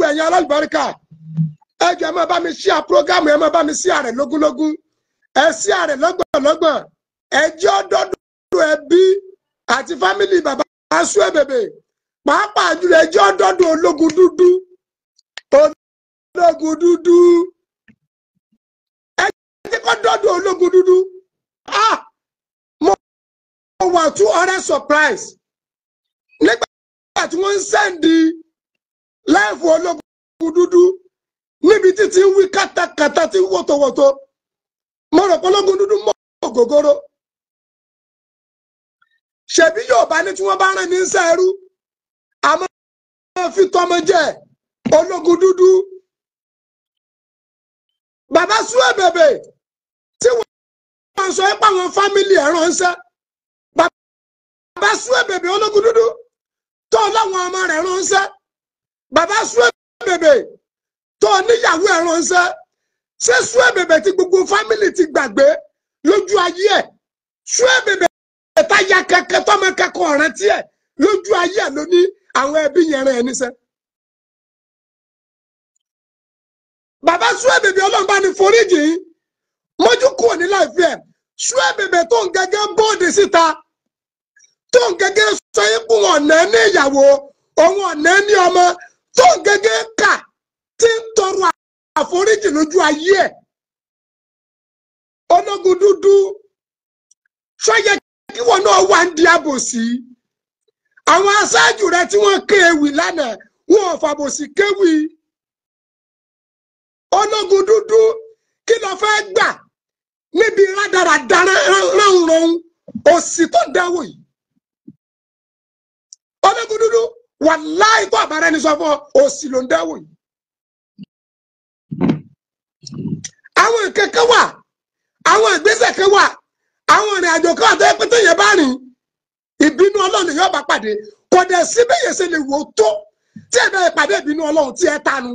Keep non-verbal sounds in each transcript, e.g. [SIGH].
gbogbo ẹ̀yin alálùbáríkà ẹ jẹ́ ẹ máa bá mi ṣíà prógámù ẹ máa bá mi ṣíà rẹ̀ lógúnlógún ẹ ṣíà rẹ̀ lọ́gbọ̀nlọ́gbọ̀n ẹ jẹ́ ọdọ́dún ẹbí àti fámìlì bàbá aṣọ ẹ̀bẹ̀bẹ̀ pàápàá jùlọ ẹ jẹ́ ọdọ́dún ológun dúdú ológun dúdú ẹ jẹ́ kó ológun dúdú ah! mo wà two hundred surprise nígbà tí wọ́n ń sẹ́ndì láìfù ológun dúdú níbi títí ń wí kátàkátà tí ń wòtòwòtò mo rò pé ológun dúdú mọ ògógóró ṣebí yóò bá ní tí wọ́n bá rán ní sẹẹrú àmọ́ fi tọmọ jẹ ológun dúdú bàbá sùn ẹbẹbẹ tí wọ́n sọ ẹ pàwọn fámìlì ẹ ránṣẹ́ bàbá sùn ẹbẹbẹ ológun dúdú tó láwọn ọmọ rẹ̀ ránṣẹ́ bàbá Suebebe tó níyàwó ẹ̀ ránṣẹ́ ṣé Suebebe tí gbogbo fámìlì ti gbàgbé lójú ayé ẹ̀ Suebebe táyà kẹkẹ tọmọ kẹkọ ọ̀ràn tiẹ̀ lójú ayé ẹ̀ ló ní àwọn ẹbí yẹn rẹ̀ níṣẹ́. bàbá Suebebe ọlọ́mọba ni foríjì yìí mójú kúrò ní láìpẹ́ ẹ̀ Suebebe tó ń gẹ́gẹ́ bóde síta tó ń gẹ́gẹ́ sọ ikú ọ̀nà ní ìyàwó òun ọ̀nà ní ọmọ tó ń gẹ́gẹ́ kà tí ń tọrọ àforíjì lójú ayé ẹ̀ ológun dúdú ṣọ́yẹ kí wọn náà wà ń di àbòsí àwọn aṣáájú rẹ tí wọ́n kéwì lánàá wọn ò fàbòsí kéwì ológun dúdú kí ló fẹ́ gbà níbi rádaràda ránranrun òsì tó dáwọ́ yìí ológun dúdú wàláì tó àbára ẹni sọ fún ọ òsì ló ń dáwò yìí. àwọn nǹkan kan wà àwọn ìgbésẹ̀ kan wà àwọn ìrìn àjò kan àti ẹgbẹ́ tẹ̀yẹ bá rìn ìbínú ọlọ́run yóò bá pàdé kò dẹ̀ sí bẹ́yẹ̀ ṣe lè wò ó tó tí ẹ bá pàdé ìbínú ọlọ́run tí ẹ tanu.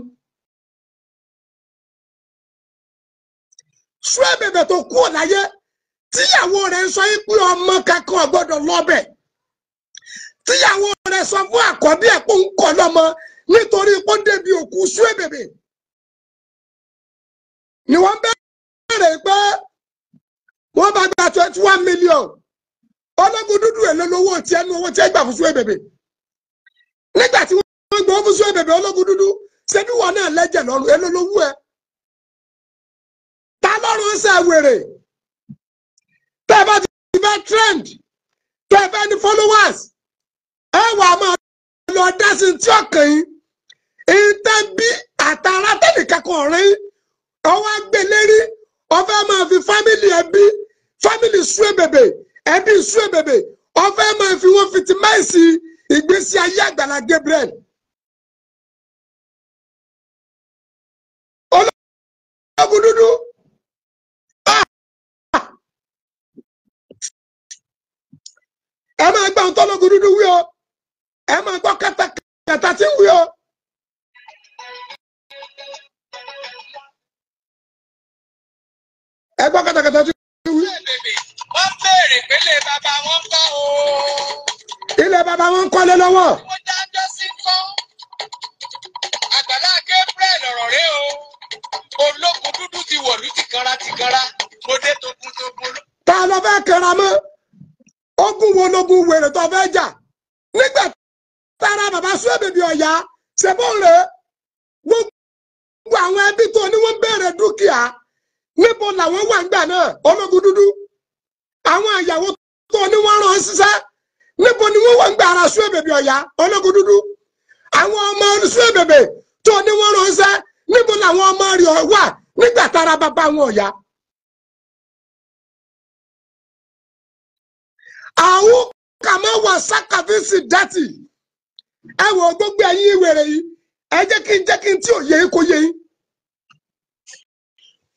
sún ẹ̀bẹ̀bẹ̀ tó kú ọ̀láyé tíyàwó rẹ̀ ń sọ yín pé ọmọ kankan ọ̀gbọ́dọ̀ lọ́bẹ̀ tíyàwó rẹ̀ sọ fún àkọ́bí ẹ̀ kó ń kọ́ lọ́mọ nítorí kó ń débi òkú Suebebe ni wọ́n bẹ̀rẹ̀ pé wọ́n bá gba twenty one million ológun dúdú ẹ̀ lọ́wọ́ tí ẹnu owó tí ẹ gbà fún Suebebe nígbà tí wọ́n gbọ́ fún Suebebe ológun dúdú ṣebí wọn náà lẹ́jẹ̀ lọ́rùn ẹ lọ́wọ́ ẹ ta lọ́rùn ṣe wèrè tẹ́ ẹ bá ti fẹ́ trend tẹ́ ẹ fẹ́ followers ẹ wà máa lọ dá sí tí ọkàn yín ìtẹ́ bí àtàrà tẹ́nìkankan ọ̀rẹ́ yín ọwọ́ agbélérí ọfẹ́ máa fi fámìlì ẹbí fámìlì sùn èbèbè ẹbí sùn èbèbè ọfẹ́ máa fi wọ́n fi ti máìsì ìgbésí ayé Àgbàlá Gabriel. olóògùn dúdú. Ah! ẹ máa gbà ń tọ́lọ́gùn dúdú wí o ẹ máa gbọ́ kẹtàkẹtà tí ń wí o. ẹ gbọ́ kẹtàkẹtà tí ń wí. wọ́n béèrè pé ilé bàbá wọn kọ́ o. ilé bàbá wọn kọ́lé lọ́wọ́. mo dájọ́ sí kọ́. àgbàlá Gabriel ọ̀rọ̀ rẹ o. ológun dúdú ti wọ̀lú tìkanra tìkanra. mo dé togun togun. ta ló fẹ́ kẹra ogun wo lógun wèrè tó fẹ́ jà? nígbà tara bàbá Suebebe Ọ̀yá ṣèbó rẹ̀ gbogbo àwọn ẹbí tó ní wọ́n bẹ̀rẹ̀ dúkìá níbo làwọn wà ń gbà náà dúdú àwọn tó ní wọ́n rán ọmọ tó ní wọ́n rán ṣiṣẹ́ níbo ọmọ rẹ̀ wà nígbà tára bàbá wọn Ọ̀yá. àwọn kàmá wà sákàfíìsì ẹ wọ gbogbo ẹ̀yin wèrè yìí ẹ jẹ́ kí n jẹ́ kí n tí ò yẹ kó yẹ yín.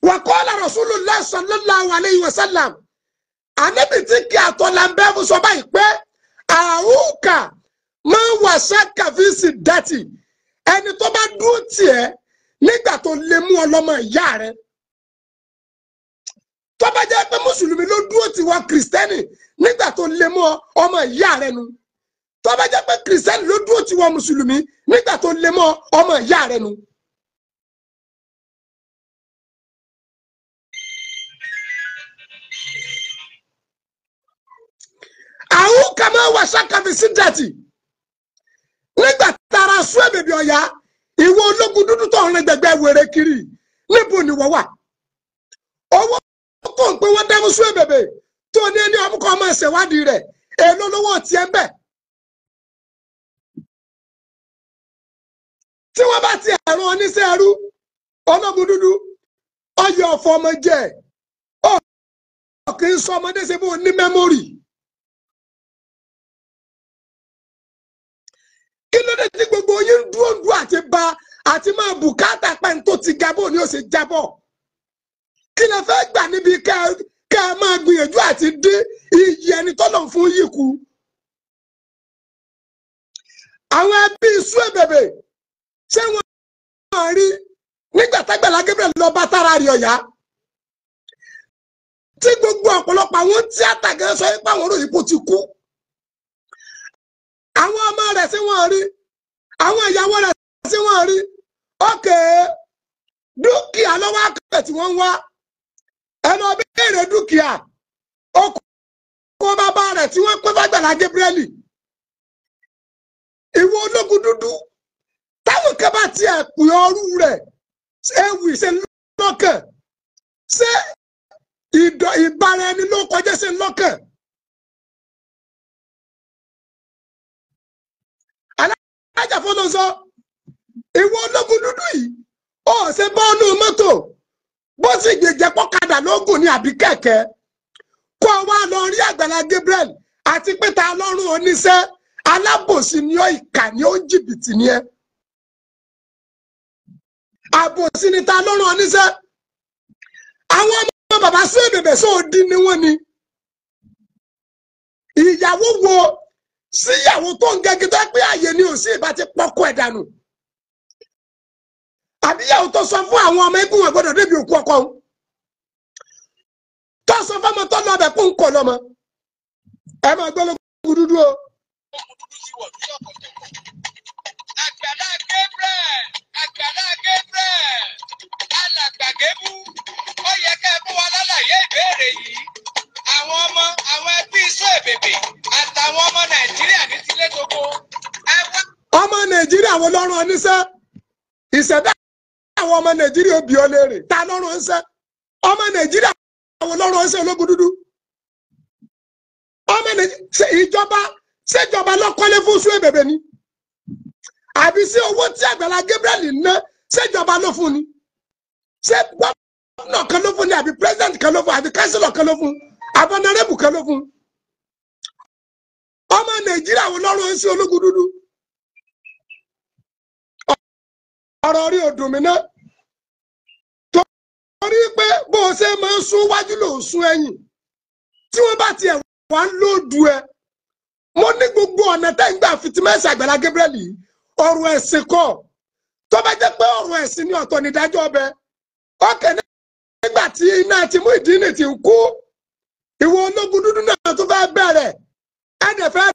wa qala Rasulullah sallallahu alayhi wa sallam ànábì tí kí àtọ̀là ń bẹ́ fún sọ báyìí pé àhùkà máa wà ṣàkàfíìsì dátì ẹni tó bá dúró tiẹ̀ nígbà tó lè mú ọlọ́mọ ìyá rẹ̀ tó pé mùsùlùmí ló dúró tiwọn kìrìsìtẹ́nì nígbà tó lè mú ọmọ ìyá rẹ̀ nu tó bá jẹ́ pé kìrìsìtẹ́nì ló dúró tí wọ́n mùsùlùmí nígbà tó lé mọ́ ọmọ ìyá rẹ nu. àwọn kàmá wàṣà kàfi sí dẹ̀tì nígbà tara sún ẹ̀bẹ̀bẹ̀ ọ̀yá ìwọ ológun dúdú tó ń rìn gbẹgbẹ́ wèrè kiri níbo ni wọ́n wà owó kò ń pé wọ́n dẹ́mu sún ẹ̀bẹ̀bẹ̀ tó ní ẹni ọmọkọ ọmọ ẹ̀sẹ̀ wádìí rẹ̀ èlò lówó tiẹ̀ ń bẹ̀ tí wọ́n bá ti ẹ̀rọ oníṣẹ́ ẹrú ọlọ́mú dúdú ọyọ ọ̀fọ̀mọ jẹ ọ̀kìn sọmọdé ṣe fún ní mẹ́mórì. kí ló dé tí gbogbo yín dúró dúró àti ba àti máa bùkátà pẹ́ńtò ti jábọ̀ ni ó ṣe jábọ̀ kí lè fẹ́ gbà níbi ká ká máa gbìyànjú àti dé iyì ẹni tọ́lọ̀ fún yìí kú. àwọn ẹbí sún ẹ̀bẹ̀bẹ̀ ṣé wọ́n rí nígbà tágbàlá Gabriel lọ bá tára rí ọ̀yá tí gbogbo ọ̀pọ̀lọpọ̀ àwọn tíátà gan sọ pé àwọn olóyìn kò ti kú àwọn ọmọ rẹ̀ sí wọ́n rí àwọn ìyàwó rẹ̀ sí wọ́n rí ókè dúkìá lọ́wọ́ akẹ́kọ̀ọ́ tí wọ́n ń wá ẹnu ọbẹ̀rẹ̀ dúkìá okò bàbá rẹ̀ tí wọ́n pẹ́ fàgbàlá Gabriel ìwọ ológun dúdú nǹkan bá tiẹ̀ pè ọrú rẹ̀ ṣe lọ́kàn ṣé ìbára ẹni ló kọjá ṣe lọ́kàn. alájà ìwọ ológun dúdú yìí ó ṣe bọ́ọ̀lù mọ́tò bó gbèjẹ pọ́kadà lóògùn ní àbí kẹ̀kẹ́ kó Gabriel àti pété alọ́run oníṣẹ́ alábòsí ni ó àbòsí ni ta ló rán àwọn ọmọ bàbá sí èbèbè sóòdì ni wọ́n ni ìyàwó wo síyàwó tó ń gẹ́gẹ́ tó pé àyè ni ò sí ìbá ti pọ́kọ́ ẹ̀ dànù àbíyàwó tó sọ fún àwọn ọmọ eégún wọn gbọ́dọ̀ débi òkú ọkọ tó sọ fọmọ tó lọ bẹ kó ń kọ lọmọ ẹ máa gbọ́ lóko dúdú o. Àgbàlá Gabriel. àgbàlá Gabriel alàgbàgébú ó yìí ọmọ àwọn ẹbí bèbè àtàwọn ọmọ Nàìjíríà ní tilé ọmọ Nàìjíríà àwọn ọmọ Nàìjíríà òbí ọmọ Nàìjíríà wo ológun dúdú ọmọ Nàìjíríà ìjọba ṣèjọba àbí sí owó tí àgbàlá Gabriel ná ṣèjọba ló fún ni ṣé gómìnà kan ló fún ni àbí president kan ló fún àbí kánsílọ̀ kan ló fún abọ́narẹ́bù kan ló fún ọmọ Nàìjíríà wo lọ́rùn ẹ̀ ń sí ológun dúdú ọ̀rọ̀ orí ọdún mi náà torí pé bó o ṣe máa ń sún wájú ló ń sún ẹ̀yìn tí wọ́n bá tiẹ̀ wá ń lòdù ẹ mo ní gbogbo ọ̀nà tẹ́ ń gbà fìtìmẹ́sì Àgbàlá Gabriel yìí ọ̀rọ̀ ẹ̀sìn kọ́ tó bá jẹ́ pé ọ̀rọ̀ ẹ̀sìn ní ọ̀tọ̀ nídájọ́ ọbẹ̀ ọkẹ́ nígbà tí iná ti mú ìdí nì ti ń kú ìwọ ológun dúdú náà tó fẹ́ bẹ̀rẹ̀ ẹnì fẹ́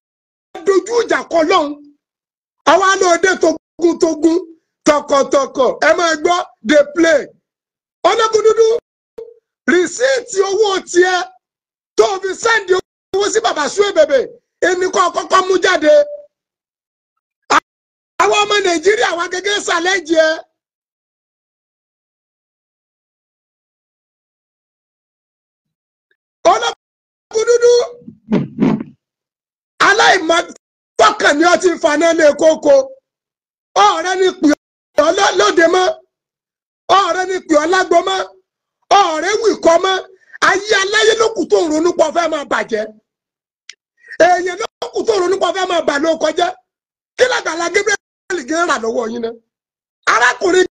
dojú ìjà kọ lọ́hùn àwa lóde togun togun tọkọtọkọ ẹ máa gbọ́ dey play ológun dúdú rìsíìtì owó tiẹ̀ tó fi sẹ́ǹdì owó sí bàbá Suebebe ẹnì kan kọ́kọ́ mú jáde. àwọn ọmọ nàìjíríà wa gẹgẹ ṣàlẹ́jì ẹ. olóògùn dúdú aláìmọ fọkàn ni ó ti faná lé kókó ọ̀rẹ́ ni pè ọ lóde mọ́ ọ̀rẹ́ ni pè ọ́ lágbo wì ayé aláyé tó ń ronú máa gébẹ́lì gan rà lọ́wọ́ yín náà arákùnrin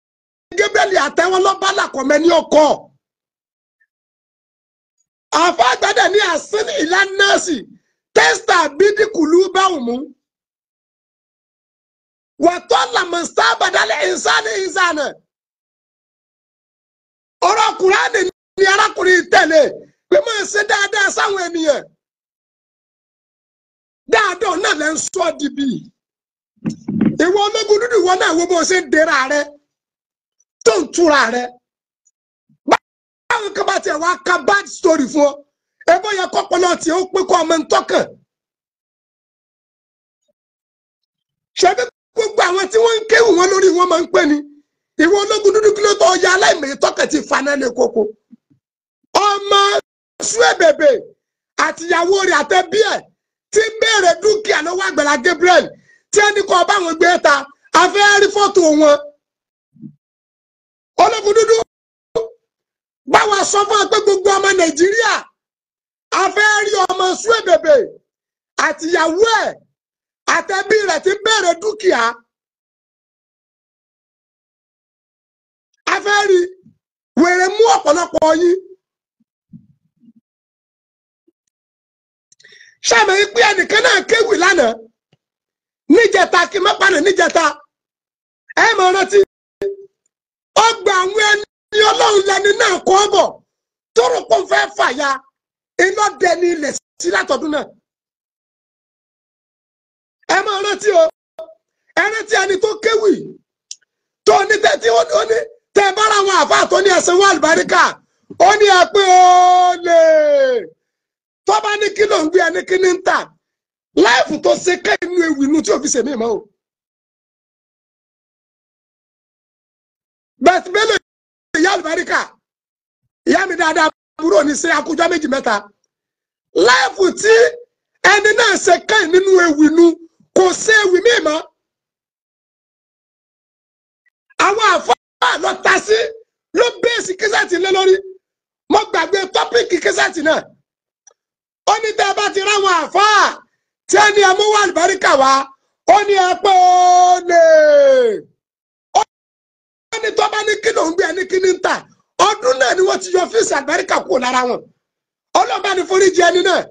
gébẹ́lì àtẹ̀wọ́n lọ́ba làkọ̀mẹ́ ní ọkọ̀ àfọ àgbàdàn ní àsín ìlànà nọ́ọ̀sì tẹ́sítà bídìkùlù bá wù mú wàtọ́ làmùsá bàdálẹ̀ ìsánì ìsánì ọ̀rọ̀ kùránì ni arákùnrin tẹ̀lé pé máa ṣe dáadáa sáwọn ènìyàn dáadáa náà lẹ́ ń ọ́ ìwọ ológun dúdú ìwọ náà wo bó ṣe ń dera rẹ tó ń túra rẹ báwọn kan bá tiẹ̀ wá ka bad story fún ọ ebó yẹ kọ́pọ̀lọ́ tiẹ̀ ó pé kó ọmọ ń tọ́kàn ṣebí gbogbo àwọn tí wọ́n ń kéwù wọn lórí wọn máa ń pè ní ìwọ ológun dúdú kí ló tọ́ ọya aláìmọye tọ́kàn ti faná lé koko ọmọ Suebebe àtìyàwó rẹ̀ àtẹbí ẹ̀ ti ń béèrè dúkìá lọ́wọ́ Àgbàlá Gabriel tí ẹnì kan bá wọn gbé ta a fẹ́ rí fọ́tò wọn ológun dúdú báwa sọ fún wa pé gbogbo ọmọ nàìjíríà a fẹ́ rí ọmọ suwébèbè àtìyàwó ẹ̀ àtẹ̀bí rẹ̀ ti bẹ̀rẹ̀ dúkìá a fẹ́ rí wèrè mú ọ̀pọ̀lọpọ̀ yín. sàmì pé ẹnìkan náà kéwì lánàá. níjẹta kí n má pàdé níjẹta ẹ mọ rántí ọgbà àwọn ẹni ọlọ́run lẹni náà kọ́ ọ bọ̀ tóró kó fẹ́ fàyà iná dẹni ilẹ̀ sí látọ̀dún náà ẹ mọ rántí o ẹ rántí ẹni tó kéwì tó ní tẹ́tí ó ní tẹ bára àwọn àfáà tó ní ẹsẹ̀wọ́ àlùbáríkà ó ní ẹ pé ó lè ní kí ló ń gbé ẹni kí ní ń tà láìfù tó ṣe ká inú ewì inú tí ò fi ṣe mí mọ́ o. bẹ́ẹ̀ bẹ́ẹ̀ ìyá àlùbáríkà ìyá mi dáadáa burú òní ṣe akójọ méjì mẹ́ta láìfù tí ẹni náà ṣe ká nínú ewì inú kò ṣe ewì mí mọ́. àwọn àfọwọ́ àlọ́ ta sí ló bẹ́ẹ̀sì kíṣàtì lé lórí mo gbàgbé tọ́pìkì kíṣàtì náà ó ní tẹ́ ẹ bá ti ráwọn àfọwọ́ tí ẹ ní amówó àlùbáríkà wá ó ní apẹ́ òòlè ó ní tó bá ní kí lòún gbé ẹni kí ní ta ọdún náà ni wọ́n ti yọ fíìsì àlùbáríkà kúrò lára wọn ọlọ́ba ní foríjì ẹni náà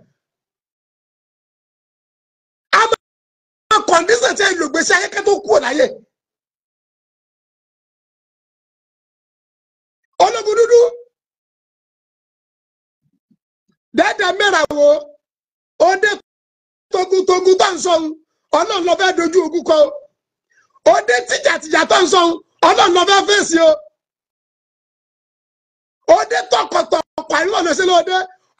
a máa kọ̀ǹdíṣàn ayé kúrò láyé. ológun dúdú wo ó togun-togun tó ń sọ̀hún ọlọ́run ló fẹ́ dojú ogun kọ òde tìjàtìjà tó ń sọ̀hún ọlọ́run ló fẹ́ fèsì o òde tọkọtọkọ àìlọ́nà sílẹ̀ òde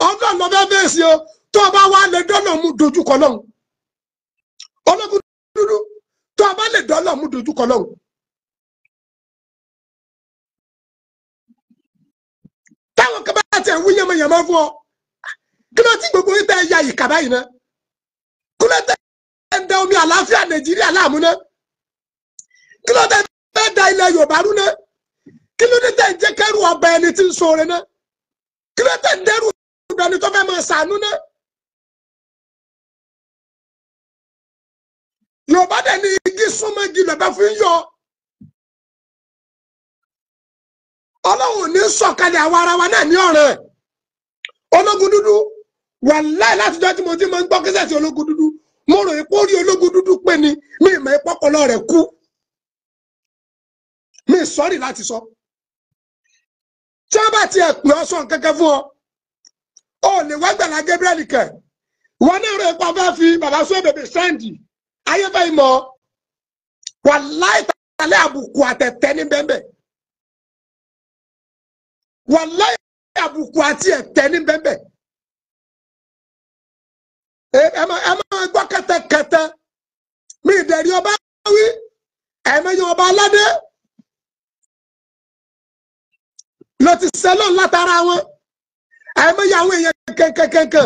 ọlọ́run ló fẹ́ fèsì o tó o bá wá lè dọ́nà mu dojú kọ lọ́hùn ológun dúdú tó o bá lè dọ́nà mú dojú kọ lọ́hùn. táwọn kan bá tiẹ̀ wú yẹmọyẹmọ fún ọ kí ló ti gbogbo yìí tẹ́ ya ya kaba yìí náà. kí ló omi àlàáfíà nàìjíríà láàmú náà kí ló tẹ́ ẹ da ilẹ̀ yorùbá rú náà kí ló tẹ́ ẹ jẹ́ kẹ́rù ọba ẹni tí ń ṣoore náà kí ló tẹ́ ẹ dẹ́rù ọba ẹni tó fẹ́ máa ṣàánú náà. yorùbá dẹ̀ ní igi súnmọ́ igi lọ́bẹ̀ fún yọ. ọlọ́run ní sọ̀kalẹ̀ àwa ara wa náà ní ológun dúdú. wàláì láti jọ mo ti máa ń gbọ́ kíṣẹ́sì ológun dúdú mo rò rí ológun dúdú pé ni mi ìmọ̀ ìpọ́pọlọ rẹ̀ kú mi sọ́rí láti sọ. tí wọ́n bá tiẹ̀ pè ọ́ sọ fún ọ ò lè wá gbàlá Gabriel wọn náà rò fi bàbá sọ bèbè sáǹdì wàláì tàlẹ́ àbùkù àtẹ̀tẹ̀ ní wàláì àbùkù àti ẹ máa gbọ́ kẹtẹkẹtẹ mi ìdẹ̀rí ọba wí ẹ̀mẹ́yìn ọba aládé ló ti sẹ́lọ̀ látara wọn ẹ̀mẹ́yìn àwọn èèyàn kẹ̀kẹ̀kẹ̀kẹ̀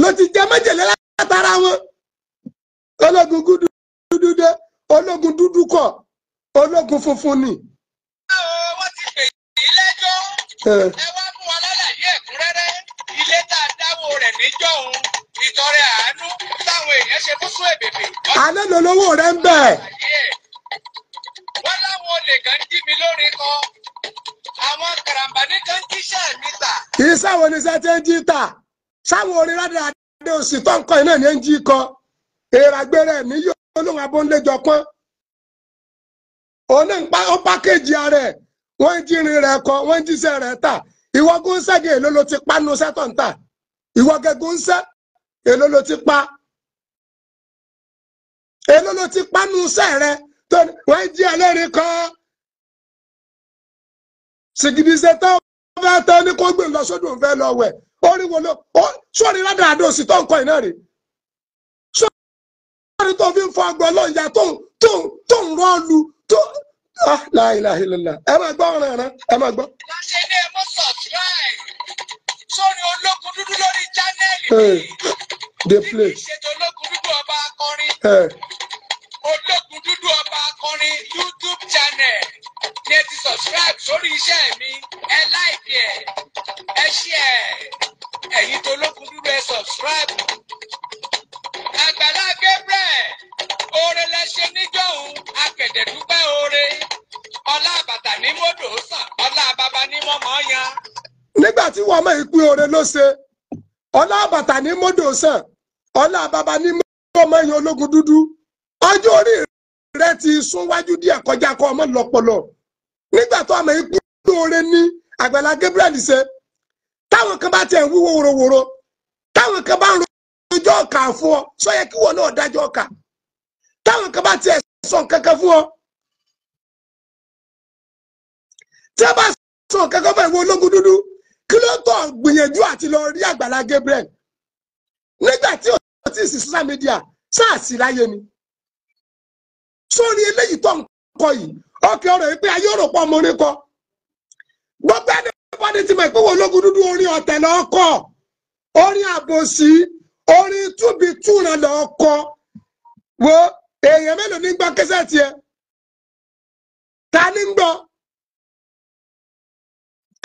ló ti jẹ́ méjèlé látara wọn ológun dúdú dé ológun dúdú kọ ológun funfun ni. wọ́n ti pè yí lẹ́jọ́ ẹ wá fún wa lálàyé ẹ̀kúnrẹ́rẹ́ ilé tá a dáwọ́ rẹ̀ níjọ́ òun ìtọrẹ àánú táwọn èèyàn ṣe fún sún èbèbè. alẹ́ ló lówó rẹ̀ ń bẹ̀. wọ́n láwọn olè kan jí mi lórí kọ àwọn karambani kan jíṣẹ́ mi tà. iṣẹ́ wo ni iṣẹ́ ti ń jí tà sáwọn orin rádà adé òsì tó ń kọ iná ni ń jí kọ èrò àgbèrè mi yóò lóun abóńlẹ́jọ pọ́n òun náà ó pákéjì ara ẹ̀ wọ́n ń jírin rẹ̀ kọ wọ́n ń jíṣẹ́ rẹ̀ tà ìwọ́gún ṣẹ́gi èlò ló ti panu sẹ́tọ̀ ń tà ìwọ́gẹ́gún ṣẹ́ èló ló ti pa èló ló ti pa nu iṣẹ́ rẹ tó wọ́n jí ẹlẹ́rìí kan sìgìdìṣe tó fẹ́ tán ní kó gbé lọ sódò ń fẹ́ lọ wẹ̀ orí wo ló sórí ládàádó sì tó ń kọ́ iná rè sórí tó fi ń fọ agbọ̀n lọ ìyá tó tó ń rọ́ lu tó ah, láìláìlélá ẹ máa gbọ́ ọ̀ràn ẹ̀rán ẹ máa gbọ́. ìlàṣẹ ilé ẹ mọ sọtúrà ẹ sórí ológun dúdú lórí jánẹẹlì mi dey play. ìṣètò dúdú ọba akọrin. youtube channel ni ti subscribe sórí iṣẹ́ mi ẹ like ẹ ẹ share ẹ̀yin tó ológun dúdú ẹ subscribe. Àgbàlá Gabriel oore lẹ ṣe níjọ́hun akẹ̀dẹ̀ dúpẹ́ oore ọlá bàtà ní mọ́tò sàn ọlá bàbá ní mọ́mọ́ yan. nígbà tí wọ́n mọ̀ ìpín oore ló ṣe ọlá bàtà ní mọ́tò sàn ọlá bàbá ní ọmọ yẹn ológun dúdú ọjọ́ orí rẹ ti sún wájú díẹ̀ kọjá kọ́ ọmọ lọ́pọlọ nígbà tó àmọ́ ikú oore ní àgbàlá Gabriel ṣe táwọn kan bá tiẹ̀ wúwo worowóró táwọn kan bá ń rojọ́ ọ̀kà fún ọ sọ́yẹ́ kí wọ́n náà dájọ́ ọ̀kà táwọn kan bá tiẹ̀ sọ kankan fún ọ tí a bá sọ kankan fún ìwọ ológun dúdú kí ló tó gbìyànjú àti lọ rí àgbàlá Gabriel nígbà tí ò tí sí social media sáàsì láyé ni sórí eléyìí tó ń kọ yìí ọkẹ ọ̀rọ̀ yìí pé ayé ọ̀rọ̀ pọ̀ mọ orin kọ gbogbo ẹni wọn ti mọ ìpínwó ológun dúdú orin ọ̀tẹ̀ lọ kọ orin àbòsí orin túbi túran lọ kọ wo èèyàn mélòó ní gbọ́ kẹsẹ̀ tiẹ̀ ta ní gbọ́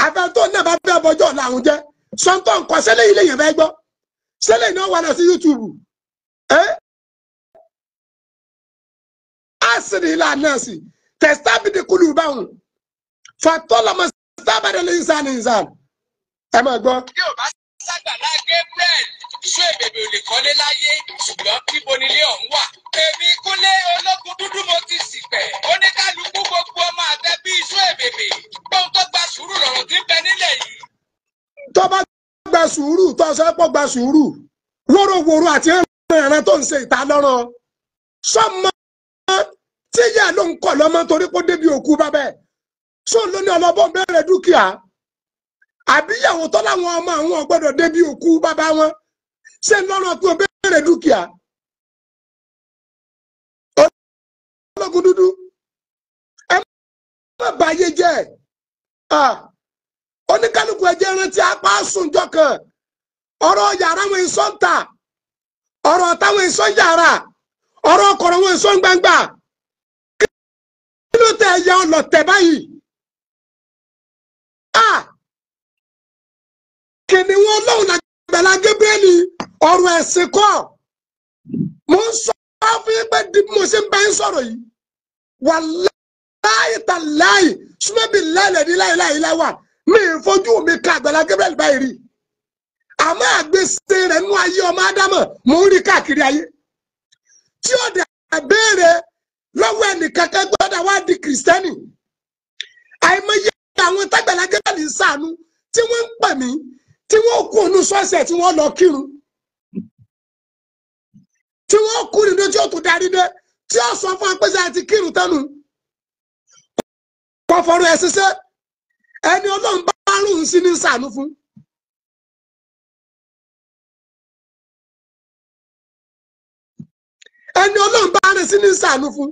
afẹ́ tó náà bá fẹ́ bọjọ́ làwọn jẹ́ sọ́ńtò nǹkan sẹ́lẹ̀ ilé yẹn fẹ́ gbọ́ ṣẹlẹ̀ náà wà lọ sí YouTube ẹ asìrì ìlànà sí tẹsítábìdì kùlù báwọn fatọlọmọ sábàdàn lè sàn ní sàn ẹ máa gbọ́. bí o bá sábàdà Gabriel ṣé èbèbè ò lè kọ́lé láyé ṣùgbọ́n kíbo nílé ọ̀hún wà. èmi kúnlé ológun dúdú mo ti sì pẹ̀ oníkálukú gbogbo ọmọ àtẹ bí iṣu èbèbè gbọ́n tó gba sùúrù lọ́rọ̀ tí ń bẹ nílẹ̀ yìí. tó gba sùúrù tó sọ pé gba sùúrù wóróworó àti ìrìnà tó ń ṣe ìta lọ́rọ̀ sọ́mọ tíyà ló ń kọ̀ lọ́mọ torí pé débi òkú bábẹ́ sóun ló ní ọlọ́bọ̀n bẹ̀rẹ̀ dúkìá àbíyàwó tó láwọn ọmọ àwọn ọgbọ́dọ̀ débi òkú bàbá wọn ṣé lọ́rọ̀ pé o bẹ̀rẹ̀ dúkìá ológun dúdú ẹ má bàyé jẹ́ ah. oníkálukú ẹjẹ rántí apá sùnjọ kan ọ̀rọ̀ yàrá wọn ìsọ ń ta ọ̀rọ̀ táwọn ìsọ ń yàrá ọ̀rọ̀ ọkọ̀rọ̀ wọn ìsọ ń gbangba kí ló tẹ ẹyẹ ọlọ̀tẹ̀ báyìí a kìnìún Ọlọ́run làgbàlá Gabrieli ọ̀rọ̀ mo ń sọ fún yín pé mo ṣe ń yìí mi ń fojú mi ka Àgbàlá Gabriel báyìí rí àmọ́ àgbèsè rẹ̀ nú ayé ọmọ ádámọ̀ mò ń rí káàkiri ayé tí ó dẹ̀ béèrè lọ́wọ́ ẹnìkankan gbọ́dọ̀ wá di kìrìsìtẹ́nì àìmọye àwọn tágbàlá Gabriel ń ṣàánú tí wọ́n ń pè mí tí wọ́n kú ònú sọ́ọ̀sẹ̀ tí wọ́n lọ kírun tí wọ́n kú nínú tí ó tún darí dé tí ó sọ fún apẹ́sẹ̀ àti kírun tánu kọ́ fọ́rọ́ ẹ̀ ẹni ọlọ́run bá rùn sí ní sàánú fún. ẹni ọlọ́run bá rìn sí ní sàánú fún.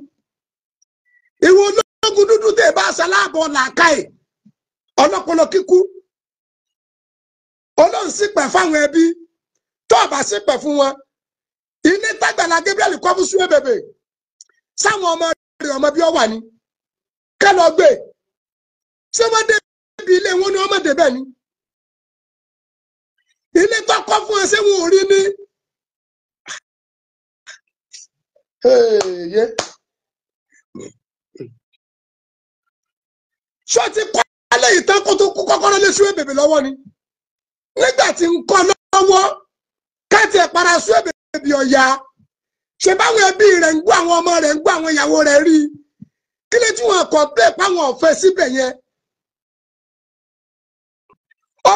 ìwọ ológun dúdú tẹ̀ bá ṣaláàbọ̀ làákàyè ọlọ́pọlọ kíkú ọlọ́run sípẹ̀ fáwọn ẹbí fún wọn ilé tágbàlá Gabriel kọ́ fún sùn sáwọn ọmọ rẹ̀ ọmọ ọ wà ní níbi ilé wọn ni wọ́n mọ̀ débẹ̀ ni ilé tó kọ́ fún ẹ ṣé wọn ò rí ni. ṣó ti kọ́ lẹ́yìn tán kó tó kú kọ́kọ́rọ́ lé ṣúwé bèbè lọ́wọ́ ni nígbà tí ń kọ́ lọ́wọ́ káàtì ẹ̀para ṣúwé bèbè ọ̀yà ṣe báwọn ẹbí rẹ̀ ń gbọ́ àwọn ọmọ rẹ̀ ń gbọ́ àwọn ìyàwó rẹ̀ rí kí lè tí wọ́n kọ́ pé páwọn ọ̀fẹ́ síbẹ̀ yẹn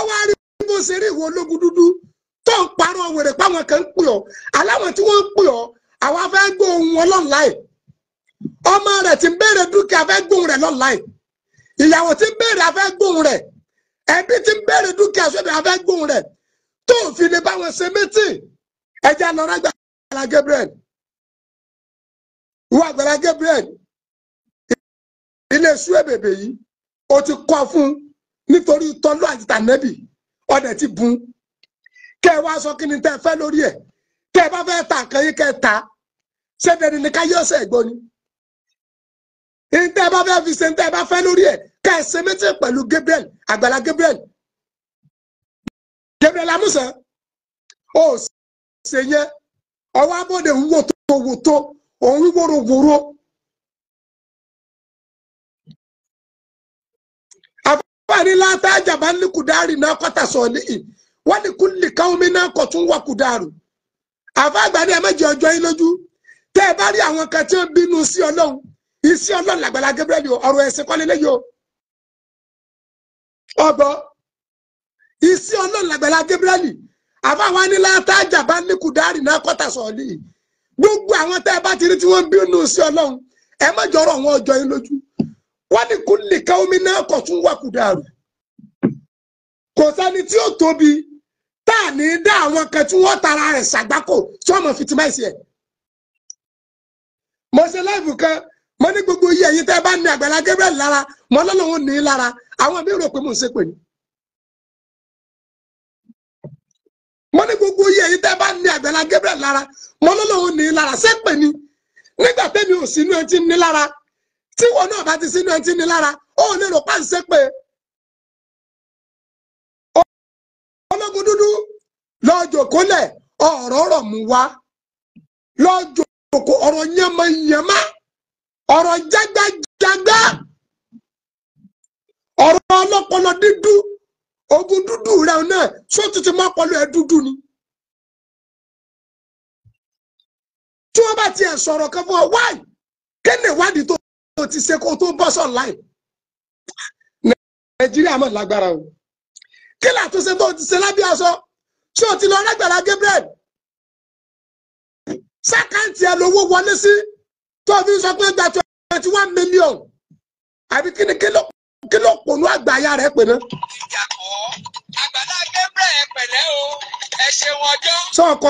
wá rí bó ṣe rí ìwọ ológun dúdú tó ń parọ́ wèrè páwọn kan ń pè ọ́ aláwọn tí wọ́n ń pè ọ́ àwọn afẹ́ gbọ́ ohun ọlọ́run láì ọmọ rẹ̀ ti ń béèrè dúkìá afẹ́ gbóhùn rẹ̀ lọ́run láì ìyàwó ti ń béèrè afẹ́ gbóhùn rẹ̀ ẹbí ti ń dúkìá sóbì afẹ́ gbóhùn rẹ̀ tó fi lè bá wọn ṣe mítìn ẹjẹ lọ́rọ́ Àgbàlá Gabriel wọ Àgbàlá Gabriel ilé suwébèbè yìí ó ti kọ́ fún un nítorí tọ́lọ́ àyíta nẹ́bì ọ̀dẹ̀ ti bun kẹ́ ẹ wá sọ kí ni tẹ́ ẹ fẹ́ lórí ẹ̀ tẹ́ ẹ bá fẹ́ ta nǹkan yín kẹ́ ẹ ta ṣé dandan ni ká yí ọ̀sẹ̀ ẹ̀gbọ́n ni tẹ́ ẹ bá fẹ́ fi ṣe tẹ́ ẹ bá fẹ́ lórí ẹ̀ kẹ́ ẹ ṣe méjì pẹ̀lú Gabriel àgbàlá Gabriel Gabriel amusa ó ṣe yẹn ọwọ́ abọ́dẹ̀ wò tó wò tó òun wòrò wòrò. fani lata jaban ni kudari na kọta sọni wani kulli kaumi na kọtun wa kudaru àfàgbà ni ẹ má jẹ ọjọ́ yín lójú tẹ ẹ kan tí ó bínú sí Ọlọ́run iṣẹ́ Ọlọ́run làgbàlá Gabriel ọ̀rọ̀ ẹ̀sìn kọ́lé lẹ́yìn o ọgbọ iṣẹ́ Ọlọ́run làgbàlá Gabriel àfàwọn ni lata jaban ni kudari na kọta sọni gbogbo àwọn tẹ ẹ bá ti rí tí wọ́n bínú sí Ọlọ́run ẹ má jọrọ àwọn ọjọ́ yín wálìkúlì káomi omi na tún wà kùdàrú kò sẹ́ni tí ó tóbi tá ní dá àwọn kan tara rẹ̀ e sagbako e. mo láìpù kan mo ní gbogbo iye ẹ̀yin tẹ́ bá ní Gabriel lara mo lara mi mo ni. mo gbogbo Gabriel lara mo lara ni ti tí wọn náà bá ti sínú ẹtí ni lára ó lè rò pa pé ológun dúdú lọ́jọ́ kólẹ̀ ọ̀rọ̀ rọ̀ mú wá lọ́jọ́ kó ọ̀rọ̀ yánmayánmá ọ̀rọ̀ jágbájágbá ọ̀rọ̀ ọlọ́pọlọ pọlọ ni. tí wọ́n bá tiẹ̀ sọ̀rọ̀ kan fún ọ o ti ṣe kó tó bọ́ sọ̀ láì nàìjíríà mọ̀ lágbára o kí là tó ṣe tó ti ṣe lábẹ́ aṣọ ṣé o ti lọ rẹ́gbẹ̀rẹ́ Gabriel sákàǹtì ẹ̀ lówó wọlé sí tó fi sọ pé gba twenty one million àbí kí ni kí ló pònú àgbáyà rẹ̀ pè náà. ìjàpọ̀ àgbàlá Gabriel pẹ̀lẹ́ o ẹ ṣeun ọjọ́. sọ ọkọ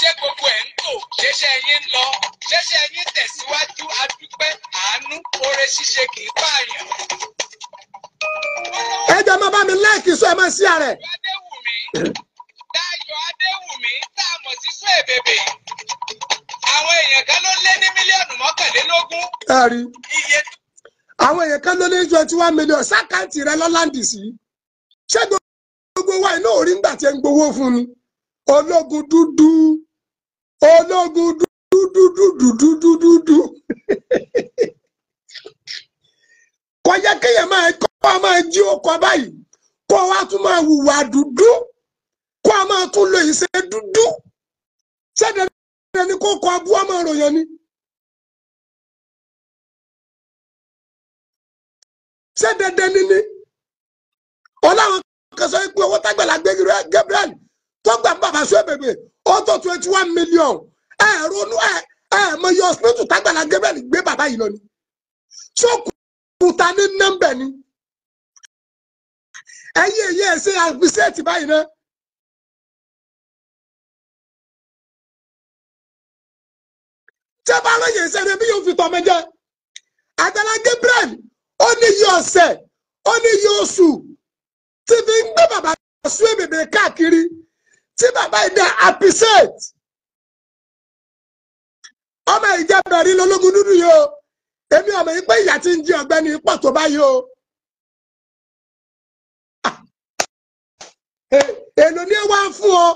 ṣé gbogbo ẹ̀ ń tò ṣẹṣẹ yín lọ ṣẹṣẹ yín tẹ̀síwájú adúpẹ́ àánú oore ṣíṣe kì í pààyàn. ẹ jẹ́ máa bá mi láìkì sọ ẹ máa sí ààrẹ. Dayọ̀ Adéwùmí tá a mọ̀ sí sún èbèbè àwọn èèyàn kan ló lé ní mílíọ̀nù mọ́kànlélógún. àwọn èèyàn kan ló lé ní twenty one million sákàǹtì rẹ lọ́láǹdì sí ṣé gbogbo wa iná ò rí ńgbà tí ẹ ń gbowó fún ni. ológun dúdú ológun dúdúdúdúdúdúdú kọjá kéèyàn máa kọ́ ọ máa jí okọ báyìí kó wa tún máa hùwà dúdú kó a máa tún lo ìṣe dúdú sẹ́dẹ̀ẹ́dẹ́ ni kó kọ abú ọmọ ròyìn ni. ni tó gbà bàbá sọ bèbè ó tó twenty one million ẹ ronú ẹ ẹ mọ iye hospital tágbàlá Gabriel gbé bàbá yìí lọ ni tó kùtà ní nọ́mbẹ̀ ni ẹyí èyí ẹ ṣe àfisẹ́ẹ̀tì báyìí náà. tẹ́ bá lóye ìṣẹ̀lẹ̀ bí yóò fi tọ́ mẹ́jẹ Àgbàlá Gabriel ó ní iye ọ̀sẹ̀ ó ní iye oṣù tí fi ń gbé bàbá sún èbèbè káàkiri tí bàbá ìdá appreciate ọmọ ìjẹbẹrí lológun dúdú yìí o èmi ọmọ yìí pé ìyá tí ń jí ọ̀gbẹ́ni pọ̀ tó báyìí o ah. èlò ni wá ń fún ọ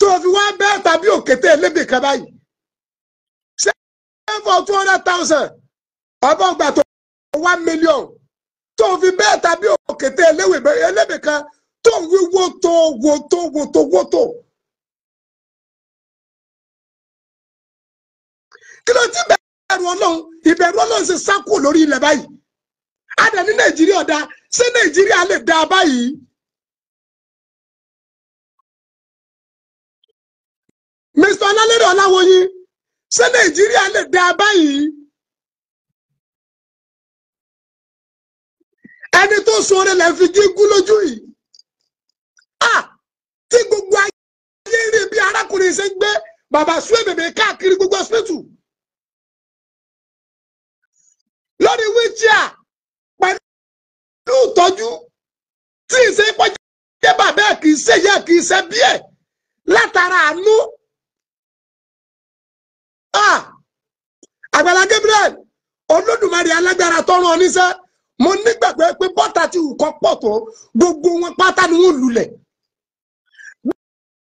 tó fi wá bẹ́ẹ̀ tàbí òkété elébè kan báyìí ṣé ẹ fọ two hundred thousand ọba ọgbà tó one million tó fi bẹ́ẹ̀ tàbí òkété elébè kan tó wíwó tó wò tó wò tó wò tó. kí ló ti bẹ̀rù ọlọ́run ìbẹ̀rù ọlọ́run ṣe sá kúrò lórí ilẹ̀ báyìí a dẹ̀ ní nàìjíríà dá ṣé nàìjíríà lè dá a báyìí. mr ọlálẹ́rẹ̀ ọláwọ̀yìn ṣé nàìjíríà lè dá a báyìí. ẹni tó sọ orin lẹ́ fi gígùn lójú yìí tí gbogbo ayé rí bí arákùnrin ṣe ń gbé bàbá sùn èbèbè káàkiri gbogbo hospital lórí wheelchair pẹ̀lú ìtọ́jú tí ìṣe pọ́jẹ́ bàbá ẹ̀ kì í ṣe yẹ kì í ṣe bí ẹ̀ látara àánú. Àgbàlá Gabriel Olódùmarè alágbára tọrọ oníṣẹ́ mo nígbàgbọ́ pé bọ́tà ti wù kọ́ tó gbogbo wọn pátá ni wọ́n lulẹ̀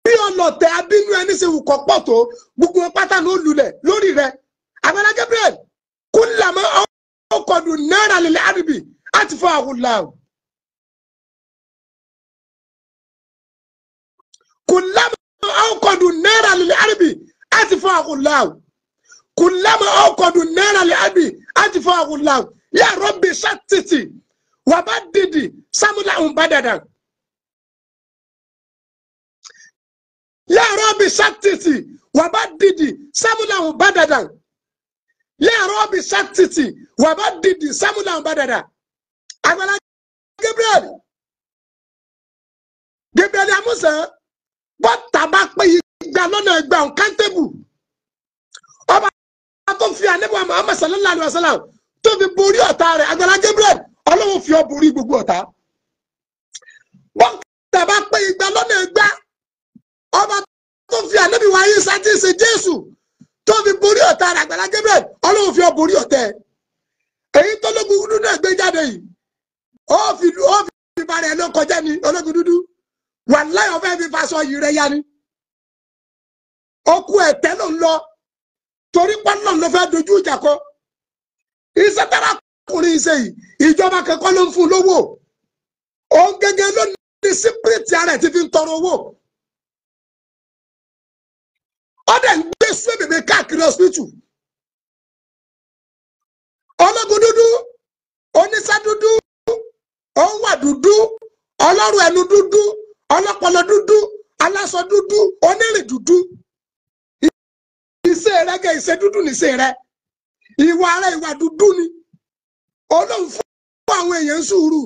bí ọlọ̀tẹ̀ abínú ẹni ṣe wù kọ́ pọ̀ tó gbogbo pátá ló lulẹ̀ lórí rẹ̀ Agbala Gabriel kú làmọ́ ọkọ̀dù náírà lélẹ̀ àdìbì láti fọ àwùlà o. kù làmọ́ ọkọ̀dù náírà lélẹ̀ àdìbì láti fọ àwùlà o. kù làmọ́ ọkọ̀dù náírà lélẹ̀ àdìbì láti fọ àwùlà o. yàrá bí sátìtì wàbá dìdì sámúlà ń bá dàdà. láàárọ̀ bí sátìtì wàbá dìdì sámúláhùn bá dàda láàárọ̀ bí sátìtì wàbá dìdì sámúláhùn bá dàda Àgbàlá Gabriel Gabriel Amusan bọ́tà bá pé igba lọ́nà igba uncountable ọba tó fi ànẹ́bọ̀ Muhammad sallallahu alayhi wa sallam tó fi borí ọ̀tá rẹ̀ Àgbàlá Gabriel ọlọ́wọ́ fi ọ borí gbogbo ọ̀tá bọ́tà bá pé igba lọ́nà igba. ọba tó fi ànábì wáyé sátí jésù tó fi borí ọ̀tá Àgbàlá ọlọ́run fi ọ borí ọ̀tẹ̀ èyí tó lógun dúdú náà gbé jáde yìí ó fi ba rẹ̀ ló kọjá ni ológun dúdú wà láyọ̀ fẹ́ fi fa sọ yìí lọ torí ló fẹ́ dojú ìjà kọ iṣẹ́ tára kùnrin ṣe yìí ìjọba kankan ló ń fún lówó òun ara ẹ̀ ti fi ń tọrọ ọdẹ ń gbé sún èbèbè káàkiri ọsibítù ológun dúdú oníṣà dúdú òǹwà dúdú ọlọ́rùn ẹnu dúdú ọlọ́pọlọ dúdú aláṣọ dúdú onírìn dúdú ìṣe rẹ gẹ ìṣe dúdú nìṣe rẹ ìwà rẹ ìwà dúdú ni olóhùn fún àwọn èèyàn ń sùúrù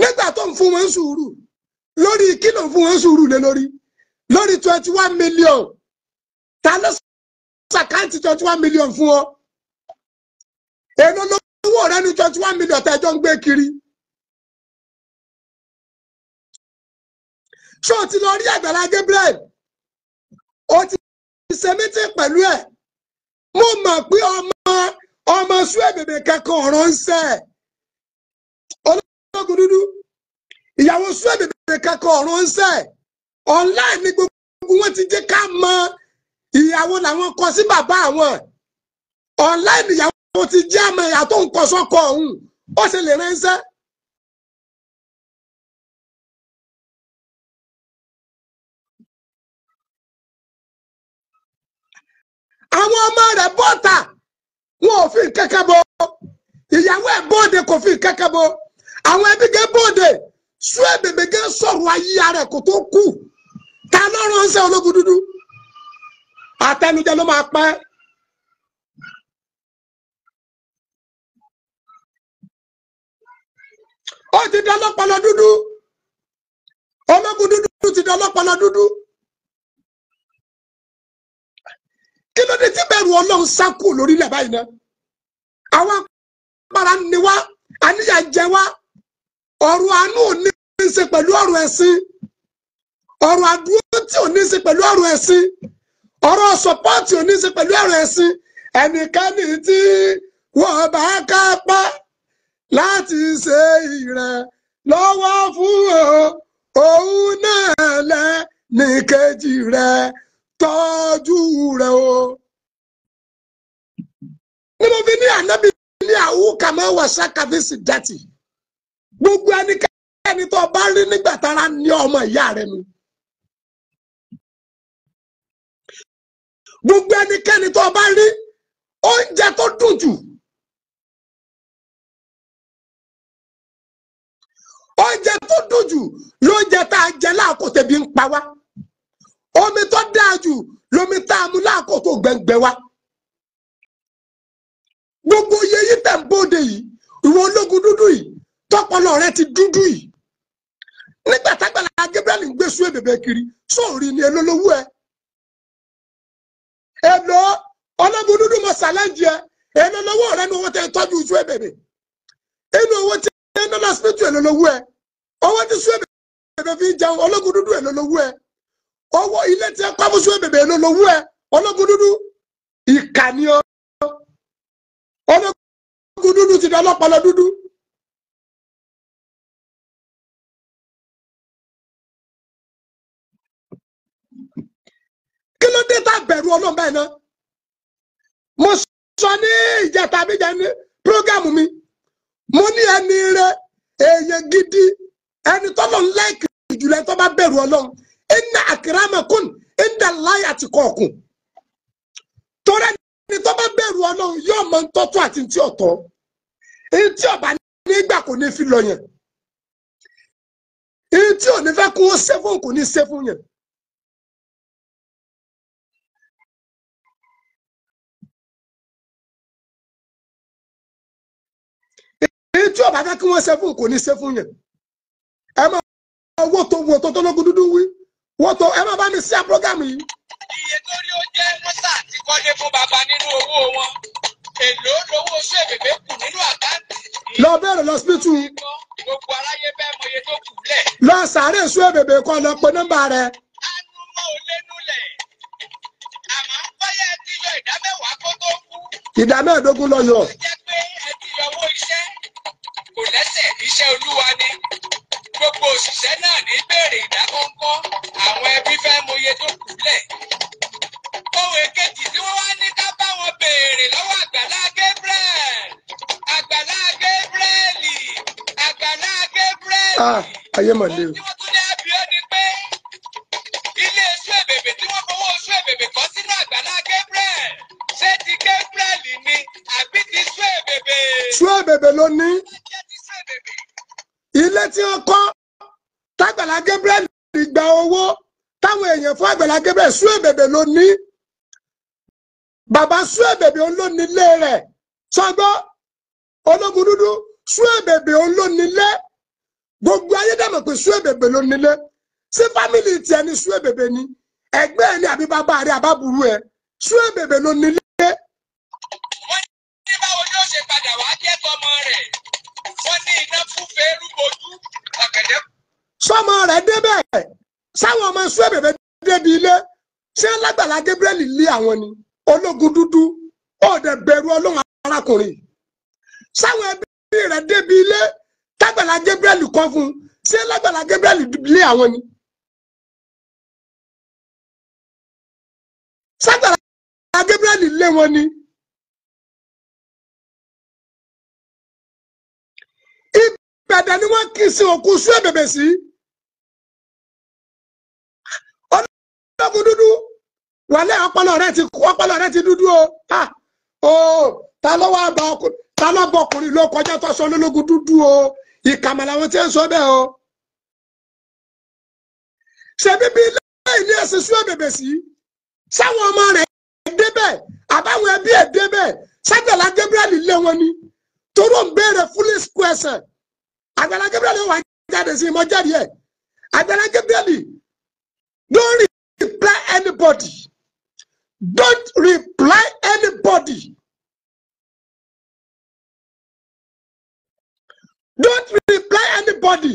nígbà tó ń fún wọn ń sùúrù lórí kí ló ń fún wọn ń sùúrù lé lórí lórí twenty one million ta ló ṣàkáǹtì twenty one million fún ọ èló lówó rẹ ní twenty one million tẹjọ ń gbé kiri ṣó o ti lọ rí Àgbàlá Gabriel o ti ṣe mítìn pẹ̀lú ẹ̀ mo mọ̀ pé ọmọ ọmọ suwébèbè kankan ọ̀rọ̀ ń sẹ́ ológun dúdú ìyàwó suwébèbè kankan ọ̀rọ̀ ń sẹ́ online ni gbogbo wọn ti jẹ́ ká mọ̀ ìyàwó làwọn kọ sí bàbá àwọn online ìyàwó ti jẹ́ àmọ́ ìyà tó ń kọ sọ́kọ ọ̀hún ó ṣe lè ránṣẹ́. àwọn ọmọ rẹ̀ bọ́ta wọn ò fi kẹ́kẹ́ bọ́ ìyàwó ẹ̀ bóde kò fi kẹ́kẹ́ bọ́ àwọn ẹbí gẹ́ bóde sún ẹ̀bẹ̀bẹ̀ gẹ́ sọ̀rọ̀ ayé ara ẹ̀ kò tó kù ta lọ́rọ̀ ń sẹ́ ológun dúdú. àtẹnujẹ ló máa pẹ́. ó ti dán dúdú ológun dúdú ti dán dúdú. kí ló dé tí bẹ̀rù ọlọ́run sá lórílẹ̀ báyìí náà àwọn apára ni wá àníyàn jẹ wá ọ̀rọ̀ àánú ò ní í ọ̀rọ̀ sọ́pọ́ọ̀tì ò ní ṣe pẹ̀lú ọ̀rọ̀ ẹ̀sìn ẹnikẹ́ni tí wọ́n bá kápá láti ṣe ìrẹ̀ lọ́wọ́ fún o òun náà lẹ ní kejì rẹ tọ́jú rẹ o. ní mo fi ní ànábì ní àwùká máa wà ṣàkàfíìsì dátì gbogbo ẹnikẹ́ni tó bá rí nígbà tára ní ọmọ ìyá rẹ nu. gbogbo ẹnikẹ́ni tó bá rí oúnjẹ tó dùn jù oúnjẹ tó dùn jù lóúnjẹ tá a jẹ láàkó tẹbi ń pa wá omi tó dáa jù lómi tá a mu láàkó gbẹngbẹ wá gbogbo iye yìí tẹ̀ ń bóde yìí ìwọ ológun dúdú yìí tọpọlọ rẹ ti dúdú yìí nígbà tágbàlá Gabriel ń gbé sún èbèbè kiri sóòrì ni olólówó ẹ èlò ọlọ́gun dúdú mọ ṣàlẹ́ǹjì ẹ èlò lọ́wọ́ rẹ ní owó tẹ tọ́jú sùn èbèbè inú owó tí ẹ ń lọ́nà sípítù èlò lọ́wọ́ ẹ owó tí sùn èbèbè fi ń jẹun ọlọ́gun dúdú èlò lọ́wọ́ ẹ owó ilé tí ẹ kọ́ fún sùn èbèbè èlò lọ́wọ́ ẹ ọlọ́gun dúdú ìkànnì ọ ọlọ́gun dúdú ti dá ọlọ́pàá lọ dúdú. kí ló dé tá bẹ̀rù ọlọ́run báyìí náà mo sọ ní ìjẹta àbíjà ní prógámù mi mo ní ẹni rẹ èèyàn gidi ẹni tọ́lọ̀ ń láìkì jùlọ tó bá bẹ̀rù ọlọ́run inna akramakum inda Allahi atqakum torí ẹni tó bá bẹ̀rù ọlọ́run yóò mọ ń àti ti ọ̀tọ̀ tí ọba nígbà kò ní fi lọ yẹn ò ní fẹ́ kó kò ní yẹn. èyí tí ọba fẹ́ kí wọ́n ṣe fún kò ní ṣe fún yẹn ẹ máa owó tó wọ tó tọ́lọ́gù dúdú wí wọ́n tó ẹ máa bá mi sí àpọ́gàmù yìí. iye tó rí ó jẹ́ mọ́sà ti kọ́lé fún bàbá nínú owó wọn èlò lówó ṣé bèbè kù nínú àkáǹtì. lọ bẹ̀rẹ̀ lọ síbítù. gbogbo aráyé bẹ́ẹ̀ mọ iye tó kù lẹ̀. lọ sàárè sú èbèbè kan lọ pe nọ́mbà rẹ. anumọ olénulẹ̀ àmọ́ báyẹ̀ ti yọ ìdá kó tó kú. ìdá mẹ́ẹ̀ẹ́dógún lọ yọ. ó jẹ́ pé ẹ ti yọ owó iṣẹ́ kò lẹ́sẹ̀ iṣẹ́ olúwa ni gbogbo òṣìṣẹ́ náà ní bèrè ìdákọ́ńkọ́ àwọn ẹbí fẹ́ mọye tó kù lẹ̀. ohun èkejì tí wọ́n wá ní ká bá wọn béèrè lọ́wọ́ àgbàlá Gabriel àgbàlá Gabriel àgbàlá Gabriel. ah ayé mà le o. ohun tí wọ́n tún ní ẹbí ó ní pé ilé iṣu èbèbè tí wọ́n fowó iṣu èbèbè kọ́ sínú àgbàlá Gabriel ṣé ti Gabriel ni àbí ti iṣu èbèbè. iṣu èbèbè ló ní ilé tí wọ́n kọ́ tágbàlá Gabriel gba owó táwọn èèyàn fún àgbàlá Gabriel Suebebe ló ní bàbá Suebebe olónílé rẹ̀ sọgbọ́ ológun dúdú Suebebe olónílé gbogbo ayé dàmọ̀ pé Suebebe olónílé sí fámìlì tiẹ̀ ní Suebebe ni ẹgbẹ́ ẹ̀ ní àbí bàbá rẹ̀ àbábùrú ẹ̀ Suebebe olónílé. wọ́n ní báwo ni ó ṣe padà wá jẹ́ tọmọ rẹ̀ wọ́n ní iná fún fẹ́ẹ́rù bojú ọ̀gẹ̀dẹ̀. sọmọ rẹ débẹ̀ sáwọn ọmọ sùn bèbè débi ilé ṣé lágbàlá Gabriel lé àwọn ni ológun dúdú ó dẹ bẹ̀rù Ọlọ́run arákùnrin sáwọn ẹbí rẹ débi ilé tágbàlá Gabriel kọ fún ṣé lágbàlá Gabriel lé àwọn ni. ságbàlá Gabriel lé wọn ni. dàda ni wọ́n kì í sí òkú sún ẹ̀bẹ̀bẹ̀ sí. ọlọ́gun dúdú wàlẹ́ ọpọlọ rẹ ti dúdú o ha o ta ló wá bá ọkùnrin ta ló bọ ọkùnrin ló kọjá tó sọ olólógún dúdú o ìkàmà làwọn ti ń sọ bẹ́ẹ̀ o. ṣebí bíi lẹ́yìn ní ẹ̀sìn sún ẹ̀bẹ̀bẹ̀ sí sáwọn ọmọ rẹ̀ débẹ̀ àbáwọn ẹbí ẹ̀ débẹ̀ sájàlá Gabriel lé wọn ni toró ń béèrè foolish question. Àgbàlá Gabriel wà jáde sí mọ́ jáde ẹ̀ Àgbàlá Gabriel don't reply anybody don't reply anybody don't reply anybody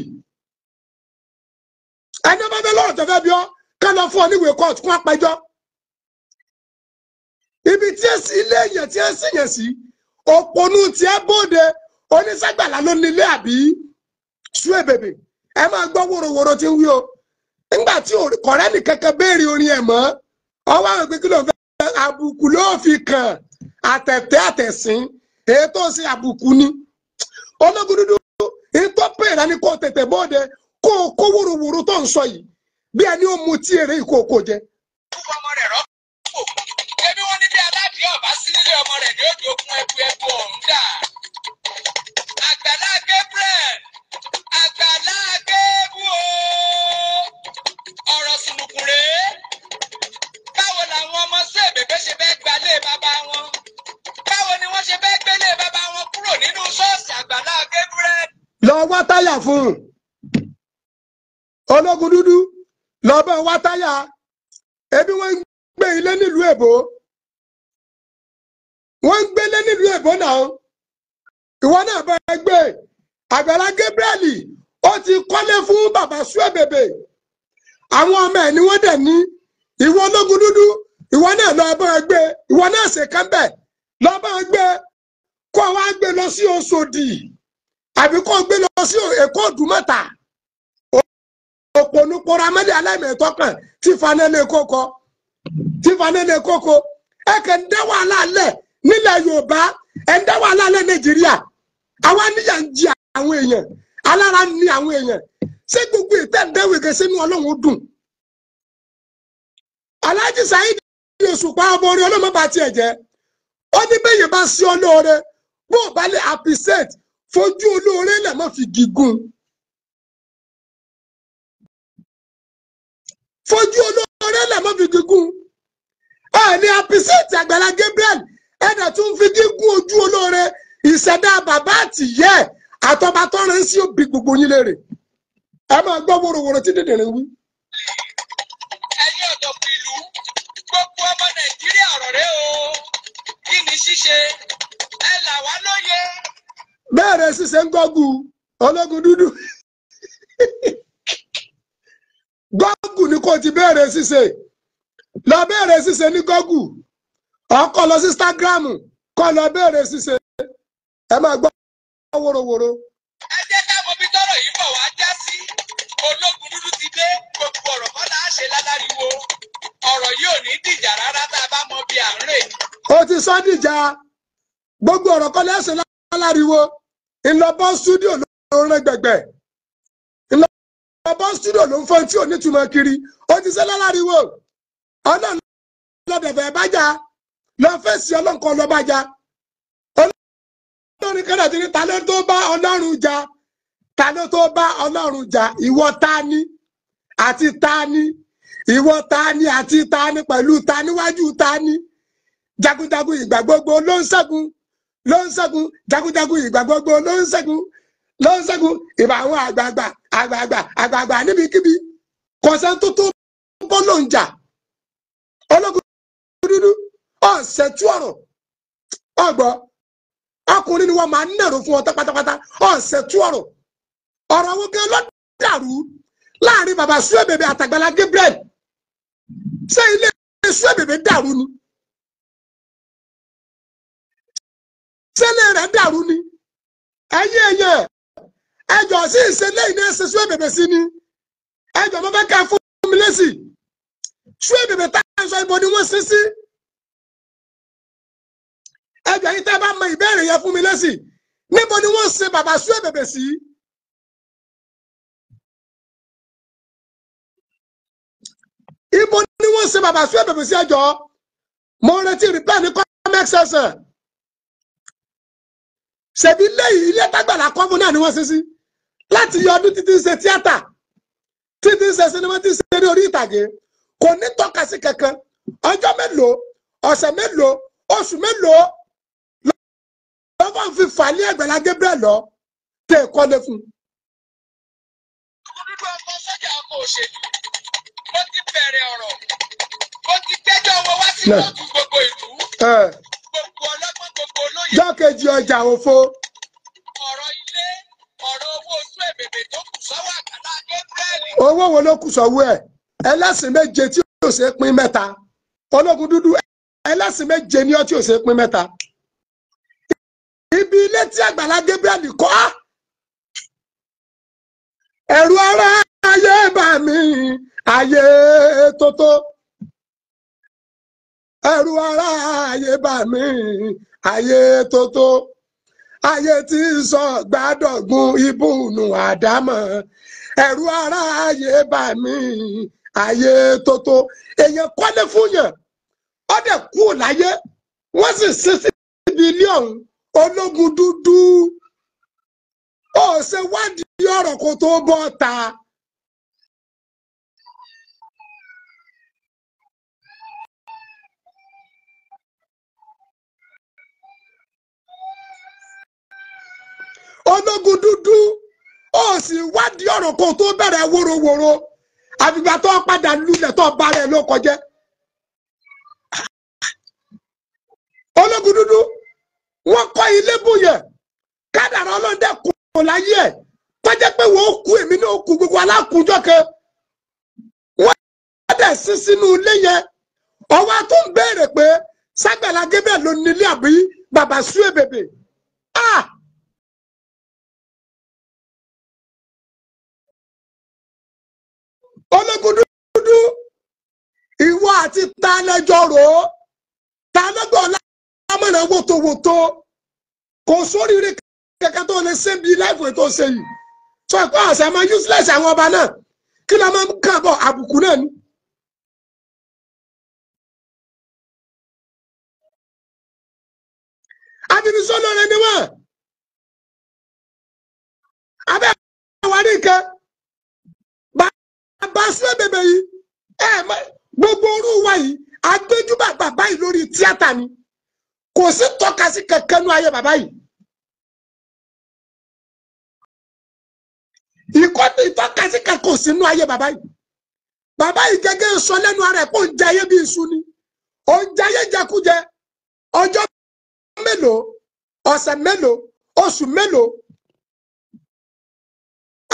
ẹni bá bẹ lọ́rọ̀ tó fẹ́ bí ọ́ ká lọ fún ọ níwèé court fún apẹjọ́ ibi tí ẹ sì ilé yẹn tí ẹ sì yẹn sí òpònú tí ẹ bóde oníṣẹ́gbàlá ló nílé àbí sú èbèbè ẹ máa gbọ́ wòròwòrò tí ń wí o nígbà tí kọ̀rẹ́ nìkankan béèrè orin ẹ̀ mọ́ ọwọ́ àwọn ìpínkì ló ń fẹ́ àbùkù ló fi kàn àtẹ̀tẹ̀ àtẹ̀sín èyí tó ń ni ológun dúdú èyí tó pèrè ni kò tètè bóde kó o kó wòròwòrò tó ń sọ yìí bí ẹni ó mu tí èrè ìkókó jẹ. ọmọ rẹ̀ rọ́pò ẹbí wọn ní bí aládìí ọ̀bá sí nílé ọmọ rẹ̀ ní òde okun ẹbu ẹbu ọ̀run. táyà fún un ológun dúdú lọ́bọ̀ wá táyà ebi wọ́n ń gbé ilé nílùú èbó wọ́n ń gbélé nílùú èbó náà ìwọ náà bá ẹ gbé Àgbàlá Gabriel ó ti kọ́lé fún bàbá Suebebe àwọn ọmọ ẹ̀ ni wọ́n dẹ̀ ní ìwọ ológun dúdú ìwọ náà lọ bá ẹ gbé ìwọ náà ṣe kán bẹ̀ lọ bá ẹ gbé kó wa gbé lọ sí Ọ̀ṣọ́dì àbí kó gbé lọ. sí èkó òdùmọ̀tà òpònúpọ̀rọ̀ amẹ́lẹ̀ aláìmẹ̀tọ́ kan tí fanẹ́lẹ̀ kókó tí fanẹ́lẹ̀ kókó ẹ kẹ́ ń dá wàhálà alẹ́ nílẹ̀ Yorùbá ẹ̀ ń dá nigeria awa gbogbo ìtẹ́ ìdẹ́wẹ̀kẹ́ sínú Ọlọ́run dùn Alhaji Saheed Òṣùpá ọmọ orin ọlọ́mọba tiẹ̀ fojú olóore lẹ̀ má fi gígùn. fojú olóore lẹ̀ má fi gígùn. ẹ ní apisẹ́ẹ̀tì àgbàlá Gabriel ẹ̀dà tún fi gígùn ojú olóore ìṣẹ̀dá bàbá àtìyẹ́ àtọ́ba tọ́ra ń sí òbí gbogbo yín léèrè. ẹ máa gbọ́ wòròwòrò tí dèdè rẹ̀ wí. ẹ̀yin ọ̀dọ́kùn ìlú gbogbo ọmọ Nàìjíríà ọ̀rọ̀ rẹ o kí ni ṣíṣe ẹ là wá lóye. bẹ́ẹ̀rẹ̀ ṣiṣẹ́ ń gọ́gù ológun dúdú gọ́gù ni kò ti bẹ́ẹ̀rẹ̀ ṣiṣẹ́ lọ bẹ́ẹ̀rẹ̀ ṣiṣẹ́ ní gọ́gù ọkọ̀ lọ sí Instagram kọ́ lọ bẹ́ẹ̀rẹ̀ ṣiṣẹ́ ẹ máa gbọ́ wòrowòro. ẹ jẹ́ ká mọ̀ bí tọ́rọ̀ yìí bọ̀ wá já sí ológun dúdú ti dé gbogbo ọ̀rọ̀ kọ́ láà ṣe láláriwo ọ̀rọ̀ yóò ní dìjà rárá tá a bá mọ bí à o ti sọ dìjà gbogbo ọ̀rọ̀ kọ́ láà ṣe láláriwo. ńlọbọ studio ló ń rẹ gbẹgbẹ ńlọbọ studio ló ń fọ́n tí ò ní túmọ̀ kiri ó ti sẹ́lẹ̀ láriwo ọ̀nà lọ́dẹ̀fẹ̀ bájà lọ fèsì ọlọ́nkọ lọ́bàjà olórin kẹ́rẹ́ ti ní ta ló tó bá ọlọ́run jà ta ló tó bá ọlọ́run jà ìwọ ta ni àti ta ni ìwọ ta ni àti ta ni pẹ̀lú ta níwájú ta ni jagunjagun ìgbà gbogbo ló ń ṣẹ́gun ló ń ṣẹ́gun jagunjagun ìgbàgbọ́gbọ́ ló ń ṣẹ́gun ló ń ṣẹ́gun ìbá àwọn àgbààgbà àgbààgbà àgbààgbà níbikíbi kọ̀ọ̀sán tó tó ló ń jà ológun dúdú ọ̀sẹ̀ tú ọ̀rọ̀ ọgbọ́ ọkùnrin ni wọ́n máa ń fún ọ ọ̀sẹ̀ tú ọ̀rọ̀ ọ̀rọ̀ wọn ló dàrú sẹ́lẹ̀ rẹ̀ dàrú ni ẹ̀yẹ́ ẹ̀yẹ́ ẹjọ́ sí ìṣẹ̀lẹ̀ iná ẹ̀sẹ̀ sún ẹ̀bẹ̀bẹ̀ sí ni ẹjọ́ mo fẹ́ ká fún mi lẹ́sì sún ẹ̀bẹ̀bẹ̀ tá a sọ ibo ni wọ́n sí sí ẹjọ́ yìí tá a bá mọ ìbéèrè yẹn fún mi lẹ́sì níbo ni wọ́n sin bàbá sún ẹ̀bẹ̀bẹ̀ sí. ibo ni wọ́n sin bàbá sún ẹ̀bẹ̀bẹ̀ sí ẹjọ́ mo retí rìpẹ́ẹ̀ ní kọ́mẹ́ksẹ̀sẹ̀ ṣebí lẹ́yìn ilé tágbàlá kọ́mú náà ni wọ́n ṣe sí láti yọ ọdún títí ń ṣe tíátà títí ń ṣe sinimá tí ń ṣe eré orí ìtàgé kò ní tọ́ka sí kankan ọjọ́ mélòó ọ̀sẹ̀ mélòó oṣù mélòó lọ́fọ̀ ń fi fàálí Àgbàlá Gabriel lọ tẹ̀ kọ́lé fún un. ọkùnrin kan fọ sọ́jà ọkọ̀ òṣèlú ó ti bẹ̀rẹ̀ ọ̀rọ̀ ó ti gbẹ́jọ́ owó wá sí kóòtù gbogbo ìlú. Eh igbákejì ọjà òfo. ọ̀rọ̀ ilé ọ̀rọ̀ owó oṣù èbèbè tó kù sọ́wọ́ àkàlà gẹ́gẹ́rì. owó wo ló kù sọ́wọ́ ẹ̀ ẹlẹ́sìn méje tí ò ṣe pín mẹ́ta ológun dúdú ẹlẹ́sìn méje ni ọ́ tí ò ṣe pín mẹ́ta. ibi ilé tí Àgbàlá Gabriel kọ́ ẹ̀rù ara ayé bà mí ayé tótó ẹ̀rù ara ayé bà mí ayé tótó ayé tí ń sọ gbádọ̀gún ibùnú àdámọ̀ ẹ̀rù ara ayé bà mí ayé tótó èèyàn kọ́lé fún ó dẹ̀ kú láyé wọ́n sì sin síbi ilé ológun dúdú ó ṣe wádìí ọ̀rọ̀ kó tó bọ́ ta. ológun dúdú ó sì wádìí ọ̀rọ̀ kó tó bẹ̀rẹ̀ wórówóró àfìgbà tó padà lulẹ̀ tó bá rẹ̀ ló kọjẹ́ ológun dúdú wọ́n kọ́ ilé bóyẹ̀ kádàrá ọlọ́dẹ kò láyé ẹ̀ pé wọ́n kú èmi náà kú gbogbo alákùnjọ́ kan wọ́n dẹ̀ sí sínú ilé yẹn ọwọ́ tó ń béèrè pé gébẹ̀ ló nílé àbí bàbá sùn èbèbè ah! ológundúdú ìwọ àti tanẹjọ rò ó tanẹjọ kò sóríire kẹ̀kẹ́ tó lè ṣe bí láìpò ètò ṣe yìí tó ẹ̀kọ́ àṣà máa useless àwọn ọba náà kí ló máa ń kàn àbùkù náà ni. àfibisọ́ ni wọ́n bàbá sílẹ̀ bèbè yìí ẹ gbogbo orú wa yìí agbẹjúbà bàbá yìí lórí tíátà ni kò sí tọ́ka sí kankan nú ayé bàbá yìí. ìkọ́ ìtọ́ka sí kankan sí nú ayé bàbá yìí. bàbá yìí gẹ́gẹ́ sọ lẹ́nu ara ẹ̀ kó ń jẹ bí iṣu ni ó ń jẹ ayé ọjọ́ mélòó ọ̀sẹ̀ mélòó oṣù mélòó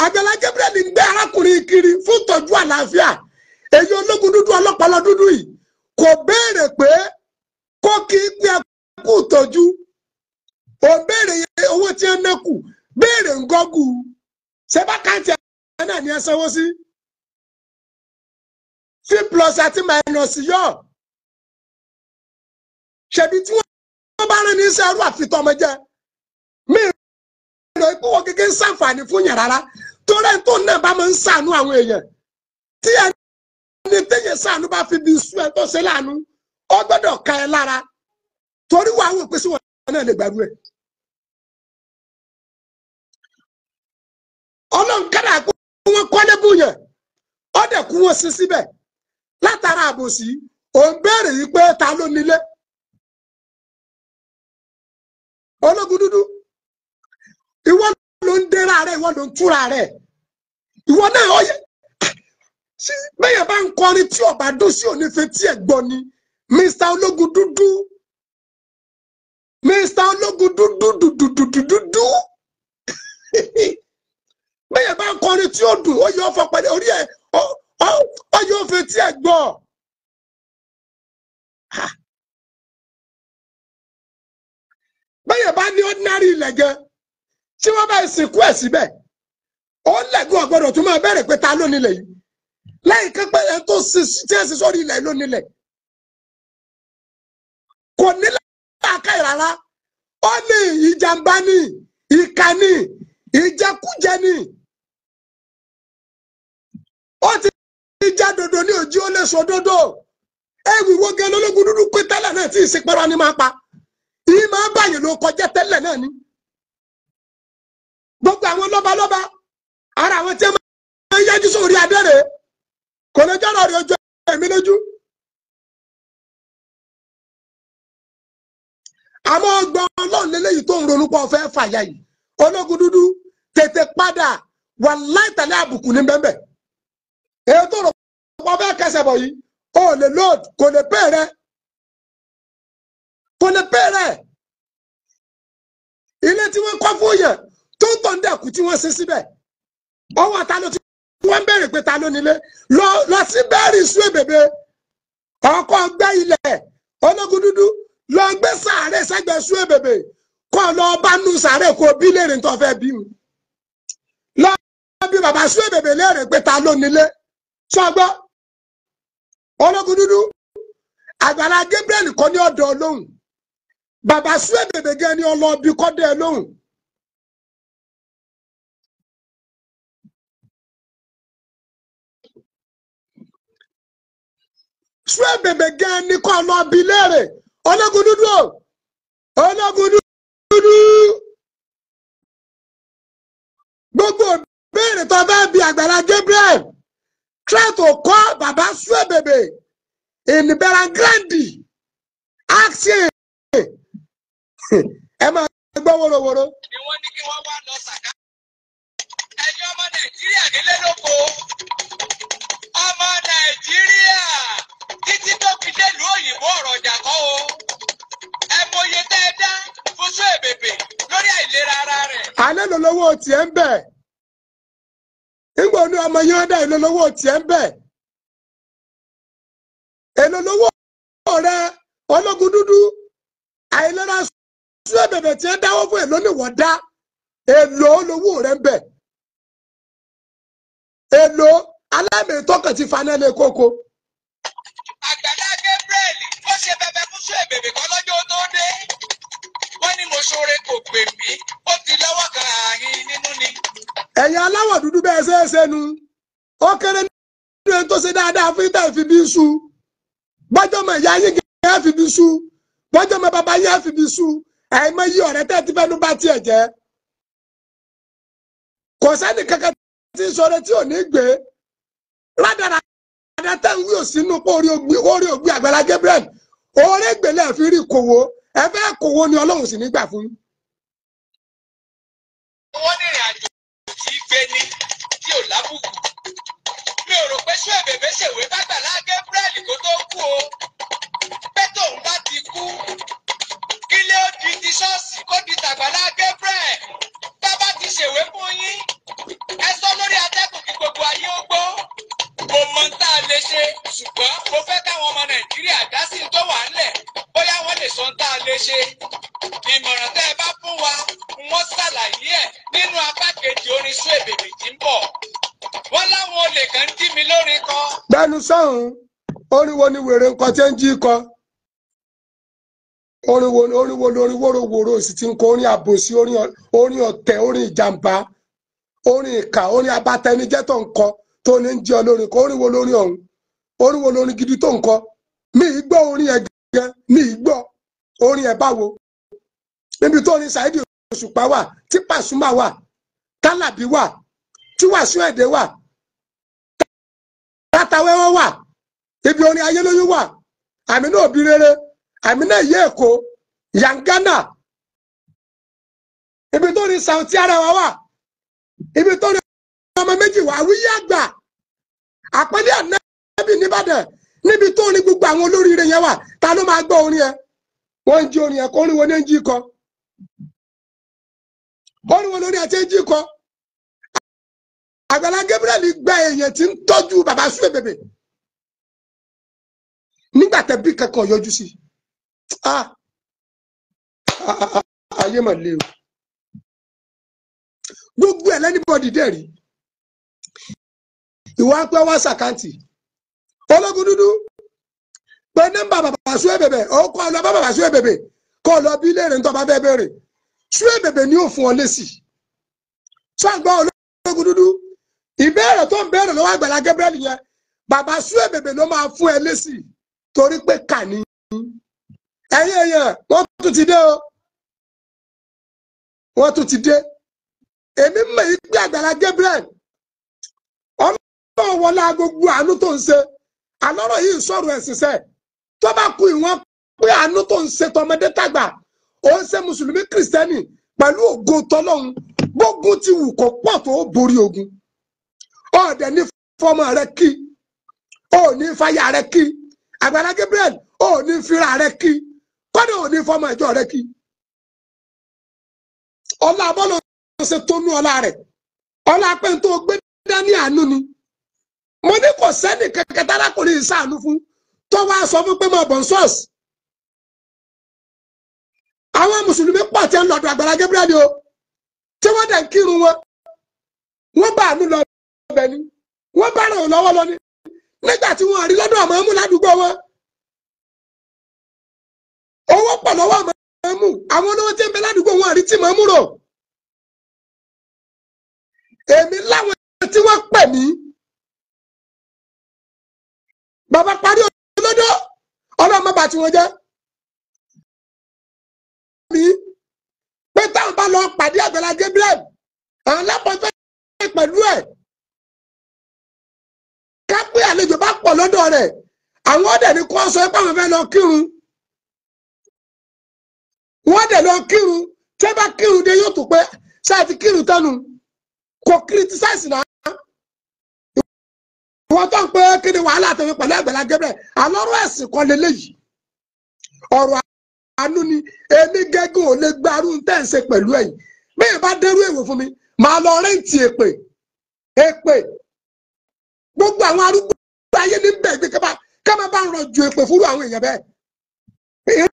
àjọlá Gabriel ń gbé arákùnrin kiri fún tọ́jú àlàáfíà èyí ológun dúdú ọlọ́pàá dúdú yìí kò béèrè pé kó kí pé kú tọ́jú ò béèrè owó tí ń nákù béèrè ngọ́gù sẹ́bàkàntì ẹ̀ náà ni ẹ sanwó sí tí plus àti minus yọ tí bá ní ó gịgị ń ṣàǹfààní fún yẹn rárá torí ẹni tó náà bá máa ń ṣàánú àwọn èèyàn tí ẹni téèyàn ṣàánú bá fi bí sú ẹ tó ọ láàánú ó gbọ́dọ̀ ka lára torí wà àwọn òpèsè wọn náà ìwọ ló ń ra rẹ ìwọ ló ń túra rẹ ìwọ náà ó yẹ bẹ́ẹ̀ bá ń kọrin tí ọba dùn sí tí ẹ gbọ ni mr ológun dúdú mr ológun dúdú [LAUGHS] bá ń kọrin tí ó dùn ó ọ ọ́ fọpẹ́lẹ́ orí ó tí wọ́n bá sìnkú ẹ̀ síbẹ̀ ó lẹ́gùn ọ̀gbọ́dọ̀ tó máa bẹ̀rẹ̀ pé ta ló nílẹ̀ yìí lẹ́yìn kan pé ẹ̀ tó tí ẹ̀ sì sórí ilẹ̀ ló nílẹ̀ kò nílẹ̀ àká ìrara ó ní ìjàmbá ní ìka ní ìjẹkújẹ ní ó ti ìjà dòdò ní òjì ó lè sọ dòdò ẹ̀wù wo gẹ́lẹ́ dúdú pé tẹ́lẹ̀ náà tí ìsìnkú ẹ̀rọ ni máa pa ìyí máa báyìí ló kọjá tẹ́lẹ̀ náà ni gbogbo àwọn lọ́balọ́ba ara àwọn tí wọ́n yájú sórí adẹ́rẹ́ kò lè jọ́rọ̀ rẹ̀ ojú ẹ̀mí lójú. àmọ́ ọgbọ́n ọlọ́run lélẹ́yìí tó ń ronú pa ọ̀fẹ́ fàyà yìí ológun dúdú tètè padà wà láìtàlẹ́ àbùkù ní bẹ́ẹ̀ èyí tó rò pọ̀ bẹ́ẹ̀ kẹsẹ̀ bọ̀ yìí ó lè load kò lè pè rẹ kò lè pè rẹ ilé tí wọ́n kọ́ fún yẹn tó ń tàn dẹ̀kú tí wọ́n ṣe síbẹ̀ ọwọ́ ta ló ti wọ́n béèrè pé ta ló nílé lọ lọ sí bẹ́ẹ̀rì sùn èbèbè ọkọ̀ gbẹ́ ilẹ̀ ológun dúdú lọ gbé sàárè sẹ́gbẹ̀ẹ́ sùn èbèbè kọ́ lọ bá nu sàárè kó bí léèrè tó fẹ́ bí mu lọ bí bàbá sùn èbèbè léèrè pé ta ló nílé sọgbọ́ ológun dúdú àgbàlá Gabriel kọ́ ní ọ̀dọ̀ lóhùn bàbá sùn èbèbè gẹ́ ni ọlọ́ọ̀bí kọ́ dẹ̀ lóhùn. sú ẹ̀bẹ̀bẹ̀ gan ni kọ́ lọ bi léèrè dúdú gbogbo béèrè tó bá bi àgbàlá Gabriel try to baba in Belgrande ẹ máa gbọ́ ẹ̀yin ọmọ Nàìjíríà lóko ọmọ Nàìjíríà. ṣèlú òyìnbó ọ̀rọ̀ ọjà kọ́ o ẹ mọye tẹ́ ẹ fún sún èbèbè lórí àìlera ara rẹ̀. alẹ́ ló lówó ń ọmọ yẹn dá èlò lówó tiẹ̀ ń bẹ̀ èlò rẹ ológun dúdú àìlera sún èbèbè tí ń rẹ ń bẹ̀ èlò alámì ṣe bẹbẹ kú sí èbèbè kan lọ́jọ́ tó dé wọ́n ní mo ṣoore kò pè mí ó ti lọ́wọ́ kan ààyìn nínú ni. ẹ̀yin aláwọ̀ dúdú bẹ́ẹ̀ ṣe é ṣe nu ó kéré nínú ẹni tó ṣe dáadáa fún ìtàn ìfibí su bọ́jọ́mọ̀ ìyá yín gẹ́gẹ́ ẹ̀ fìbí su bọ́jọ́mọ̀ bàbá yín ẹ̀ fìbí su àìmọ̀ yí ọ̀rẹ́ tẹ́ ti fẹ́nu bá tiẹ̀ jẹ́ kò sẹ́ni kankan tí sọ̀rọ̀ tí ò ní gbé rádàrà àdàtà ń wí òsínú pé orí ògbí àgbàlá Gabriel oore gbèlè fi rí kòwó ẹ fẹ́ kòwó ni ọlọ́run sì nígbà fún. owó nírìn àjò tí gbé ní tí ò lábùkù mi ò rò pé ṣé èbèbè ṣèwé bàgbàlá Gabriel kó tó kú o pé tóun bá ti kú kí lé ó di ti ṣọ́ọ̀ṣì kó di tàgbàlá Gabriel bàbá ti ṣèwé fún yín ẹ sọ lórí atẹ́kùn kí gbogbo ayé ó gbọ́ kò mọ tá a lè ṣe ṣùgbọ́n mo fẹ́ káwọn ọmọ nàìjíríà dá sí tó wà ńlẹ̀ bóyá wọ́n lè sọ tá a lè ṣe ìmọ̀ràn tẹ́ ẹ bá fún wa wọ́n ṣàlàyé ẹ̀ nínú apá kejì orin sún èbèbè tí ń bọ̀ wọ́n láwọn olè kan ń dí mi lórí kan. gbẹnu sọhùn orin wo ni wèrè nǹkan tí ń jí kọ orin wo orin wo lórí wóróworó sì ti ń kọ orin àbòsí orin ọ̀tẹ̀ orin ìjàmbá orin ìkà orin abatẹnijẹ́ tó ń kọ tó ní ń olórin kan orin wo lórin orin wo lórin gidi tó ń kọ mi ì gbọ́ orin ẹ̀ gẹ́gẹ́ mi ì orin báwo níbi tó ní Òṣùpá wà tí Pasuma wà tálàbí wà tí Wàsíù Ẹ̀dẹ̀ wà tátàwẹ́wọ́ wà ibi orin wà àmì náà bí rere àmì náà yé èkó yangana ibi tó ní Saoty Arewa wà ibi ọmọ méjì wà wíyá àgbà àpẹẹlẹ ànábì nìbàdàn níbi tó ní gbogbo àwọn olóríire yẹn wà ta ló máa gbọ́ orin ẹ wọ́n ń jí orin ẹ kó orin ní ń jí kọ orin lórí ẹ ti ń jí kọ Àgbàlá Gabriel gba èèyàn tí ń tọ́jú bàbá ìwà ń pẹ́ wá sàkáǹtì ológun dúdú pé nọ́mbà bàbá Suwe Bebe ó kọ́ ọ lọ bá bàbá Suwe Bebe kọ́ ọ lọ bí léèrè nítorí ọba bẹ́ẹ̀ béèrè Suwe Bebe ni ó fún ọ lésì sọ́ǹgbà ológun dúdú ìbéèrè tó ń béèrè lọ́wọ́ Àgbàlá Gabriel yẹn bàbá Suwe Bebe ló máa fún ẹ lésì torí pé kà ní ẹ̀yin èèyàn wọ́n tún ti dé o wọ́n tún ti dé èmi mọ̀ yìí pé Àgbàlá Gabriel tó wọlá gbogbo àánú tó ń ṣe àlọ́rọ̀ yìí sọ̀rọ̀ ẹ̀sìn sẹ́ tó bá ku ìwọ̀n pé àánú tó ń ṣe tọmọdé tàgbà ó ń ṣe mùsùlùmí kìrìsìtẹ́nì pẹ̀lú ògo tọlọ́run gbógun ti wù kó pọ̀ tó borí ogun ọ̀ọ́dẹ ní fọmọ rẹ kí òní fàyà rẹ kí àgbàlá Gabriel òní fira rẹ kí kọ́dà òní fọmọ ìjọ rẹ kí ọlá bọ́lọ̀ ṣe tónú ọlá ọlá pé n tó gbé dání àánú ni mo ní kò sẹ́ni kankan tára kò ní ìsàánú fún tó wá sọ fún pé mo bọ̀ ń sọ́ọ̀sì àwọn mùsùlùmí pọ̀ tí ń lọ́dọ̀ àgbàlá Gabriel o tí wọ́n dẹ̀ ń kírun wọn wọ́n bá àánú lọ bẹ̀ ni wọ́n bá ràn lọ́wọ́ lọ ni nígbà tí wọ́n rí lọ́dọ̀ àmọ́ ẹ̀mú ládùúgbò wọn owó pọ̀ lọ́wọ́ àmọ́ ẹ̀mú àwọn olówó tí ń bẹ ládùúgbò wọn rí tí mọ̀ ẹ̀mú bàbá parí olódó ọlọ́mọ bá tiwọn jẹ́ mi pé táwọn bá lọ pàdé àgbàlá Gabriel àwọn lápọ̀tọ́ pẹ̀lú ẹ̀ ká pé àlejò bá pọ̀ lọ́dọ̀ rẹ̀ àwọn ọ̀dẹ̀ ni kò sọ pé àwọn fẹ́ lọ kírun wọ́n dẹ̀ lọ kírun tí wọ́n bá kírun dé yóò tún pé ṣáà ti kírun tánu kò kíritisáìsì náà. ìwọ tó ń pé kí ni wàhálà tó fi pẹ̀lú Àgbàlá esi àlọ́rọ̀ ẹ̀sìn kan lélẹ́yìí ọ̀rọ̀ àánú ni èmi gẹ́gẹ́ ò lè gbarú tẹ̀sẹ̀ pẹ̀lú ẹ̀yìn bí ìbá dẹ́rú èwò fún mi màá lọ èpè èpè gbogbo àwọn arúgbó ayé ní bẹ́ẹ̀ gbé kẹ́bà kẹ́bà bá ń rọ̀jò èpè fúru àwọn èèyàn bẹ́ẹ̀ ìran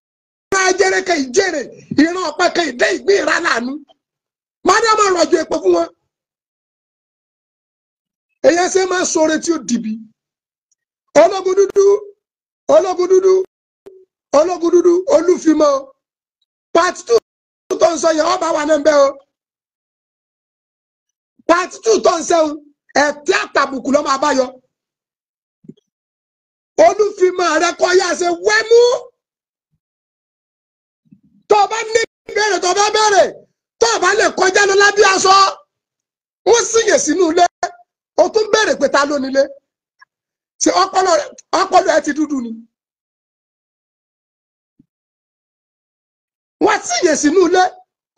ajẹ́rẹ́ kẹ́ ìjẹ́rẹ́ ẹ̀yà ṣe máa sọ̀rọ̀ tí ó dìbì ọlọ́gun dúdú ọlọ́gun dúdú ọlọ́gun dúdú olúfimọ́ part two tó ń sọ yẹn ọba wà náà ń o part two tó ń sẹ́wọ̀n ẹ̀tí àtàbùkù lọ́mọ abáyọ olúfimọ́ rẹ kọ́ yá ṣe wẹ́mú tó o bá ní ìbéèrè tó o bá béèrè tó o bá lè kọjá lọ lábí aṣọ wọ́n sì yẹ̀ sínú ilé o tún béèrè pé ta ló nílé ṣe ọpọlọ ẹ ti dúdú ni wọ́n síyè sínú ilé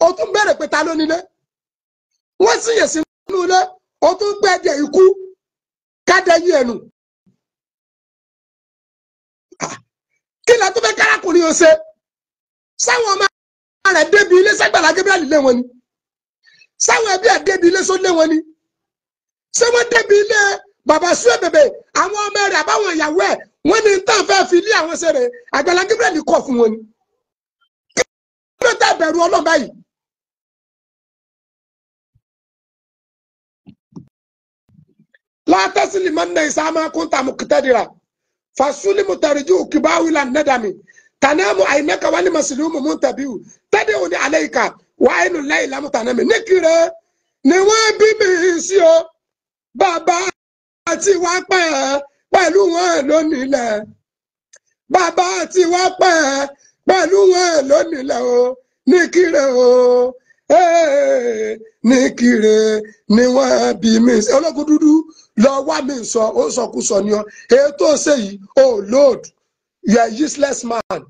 o tún béèrè pé ta ló nílé wọ́n síyè sínú ilé o tún gbẹdẹ ikú kádẹyí ẹnu kí lẹ tó fẹ́ kárakùnrin o ṣe sáwọn ọmọ rẹ̀ débi ilé sẹgbàlá gébíàlì lé wọn ni sáwọn ẹbí ẹ̀ débi ilé só lé wọn ni ṣé wọ́n débi ilé bàbá sùwẹ̀ bèbè àwọn ọmọ rẹ̀ àbáwọn ìyàwó ẹ̀ wọ́n ní tán fẹ́ fi ilé àwọn ṣeré Àgbàlá Gabriel kọ̀ fún wọn ni kí ló tẹ̀ bẹ̀rù ọlọ́ba yìí. látẹ́sílì mọ́nà ìsámá kúntà mùkítẹ́dìrà fasúlì mùtẹ̀rìjú kìbáwìlà nẹ́dàmì la àyìnmẹ́ka wálé màsílùmù mùtẹ̀bíwù tẹ́dẹ̀ òní àlẹ́yìká wàá inú lẹ́yìn lámùtànàmì ní kiri ni wọ́n bí mi sí o bàbá àti wá pẹ́ pẹ̀lú wọn lónìlẹ̀ bàbá àti wá pẹ́ pẹ̀lú wọn lónìlẹ̀ o ní kiri o ní kiri ni wọ́n bí mi ológun dúdú lọ wá mi sọ ó sọkúsọ ni ọ èyí ṣe yìí oh lord you are useless man.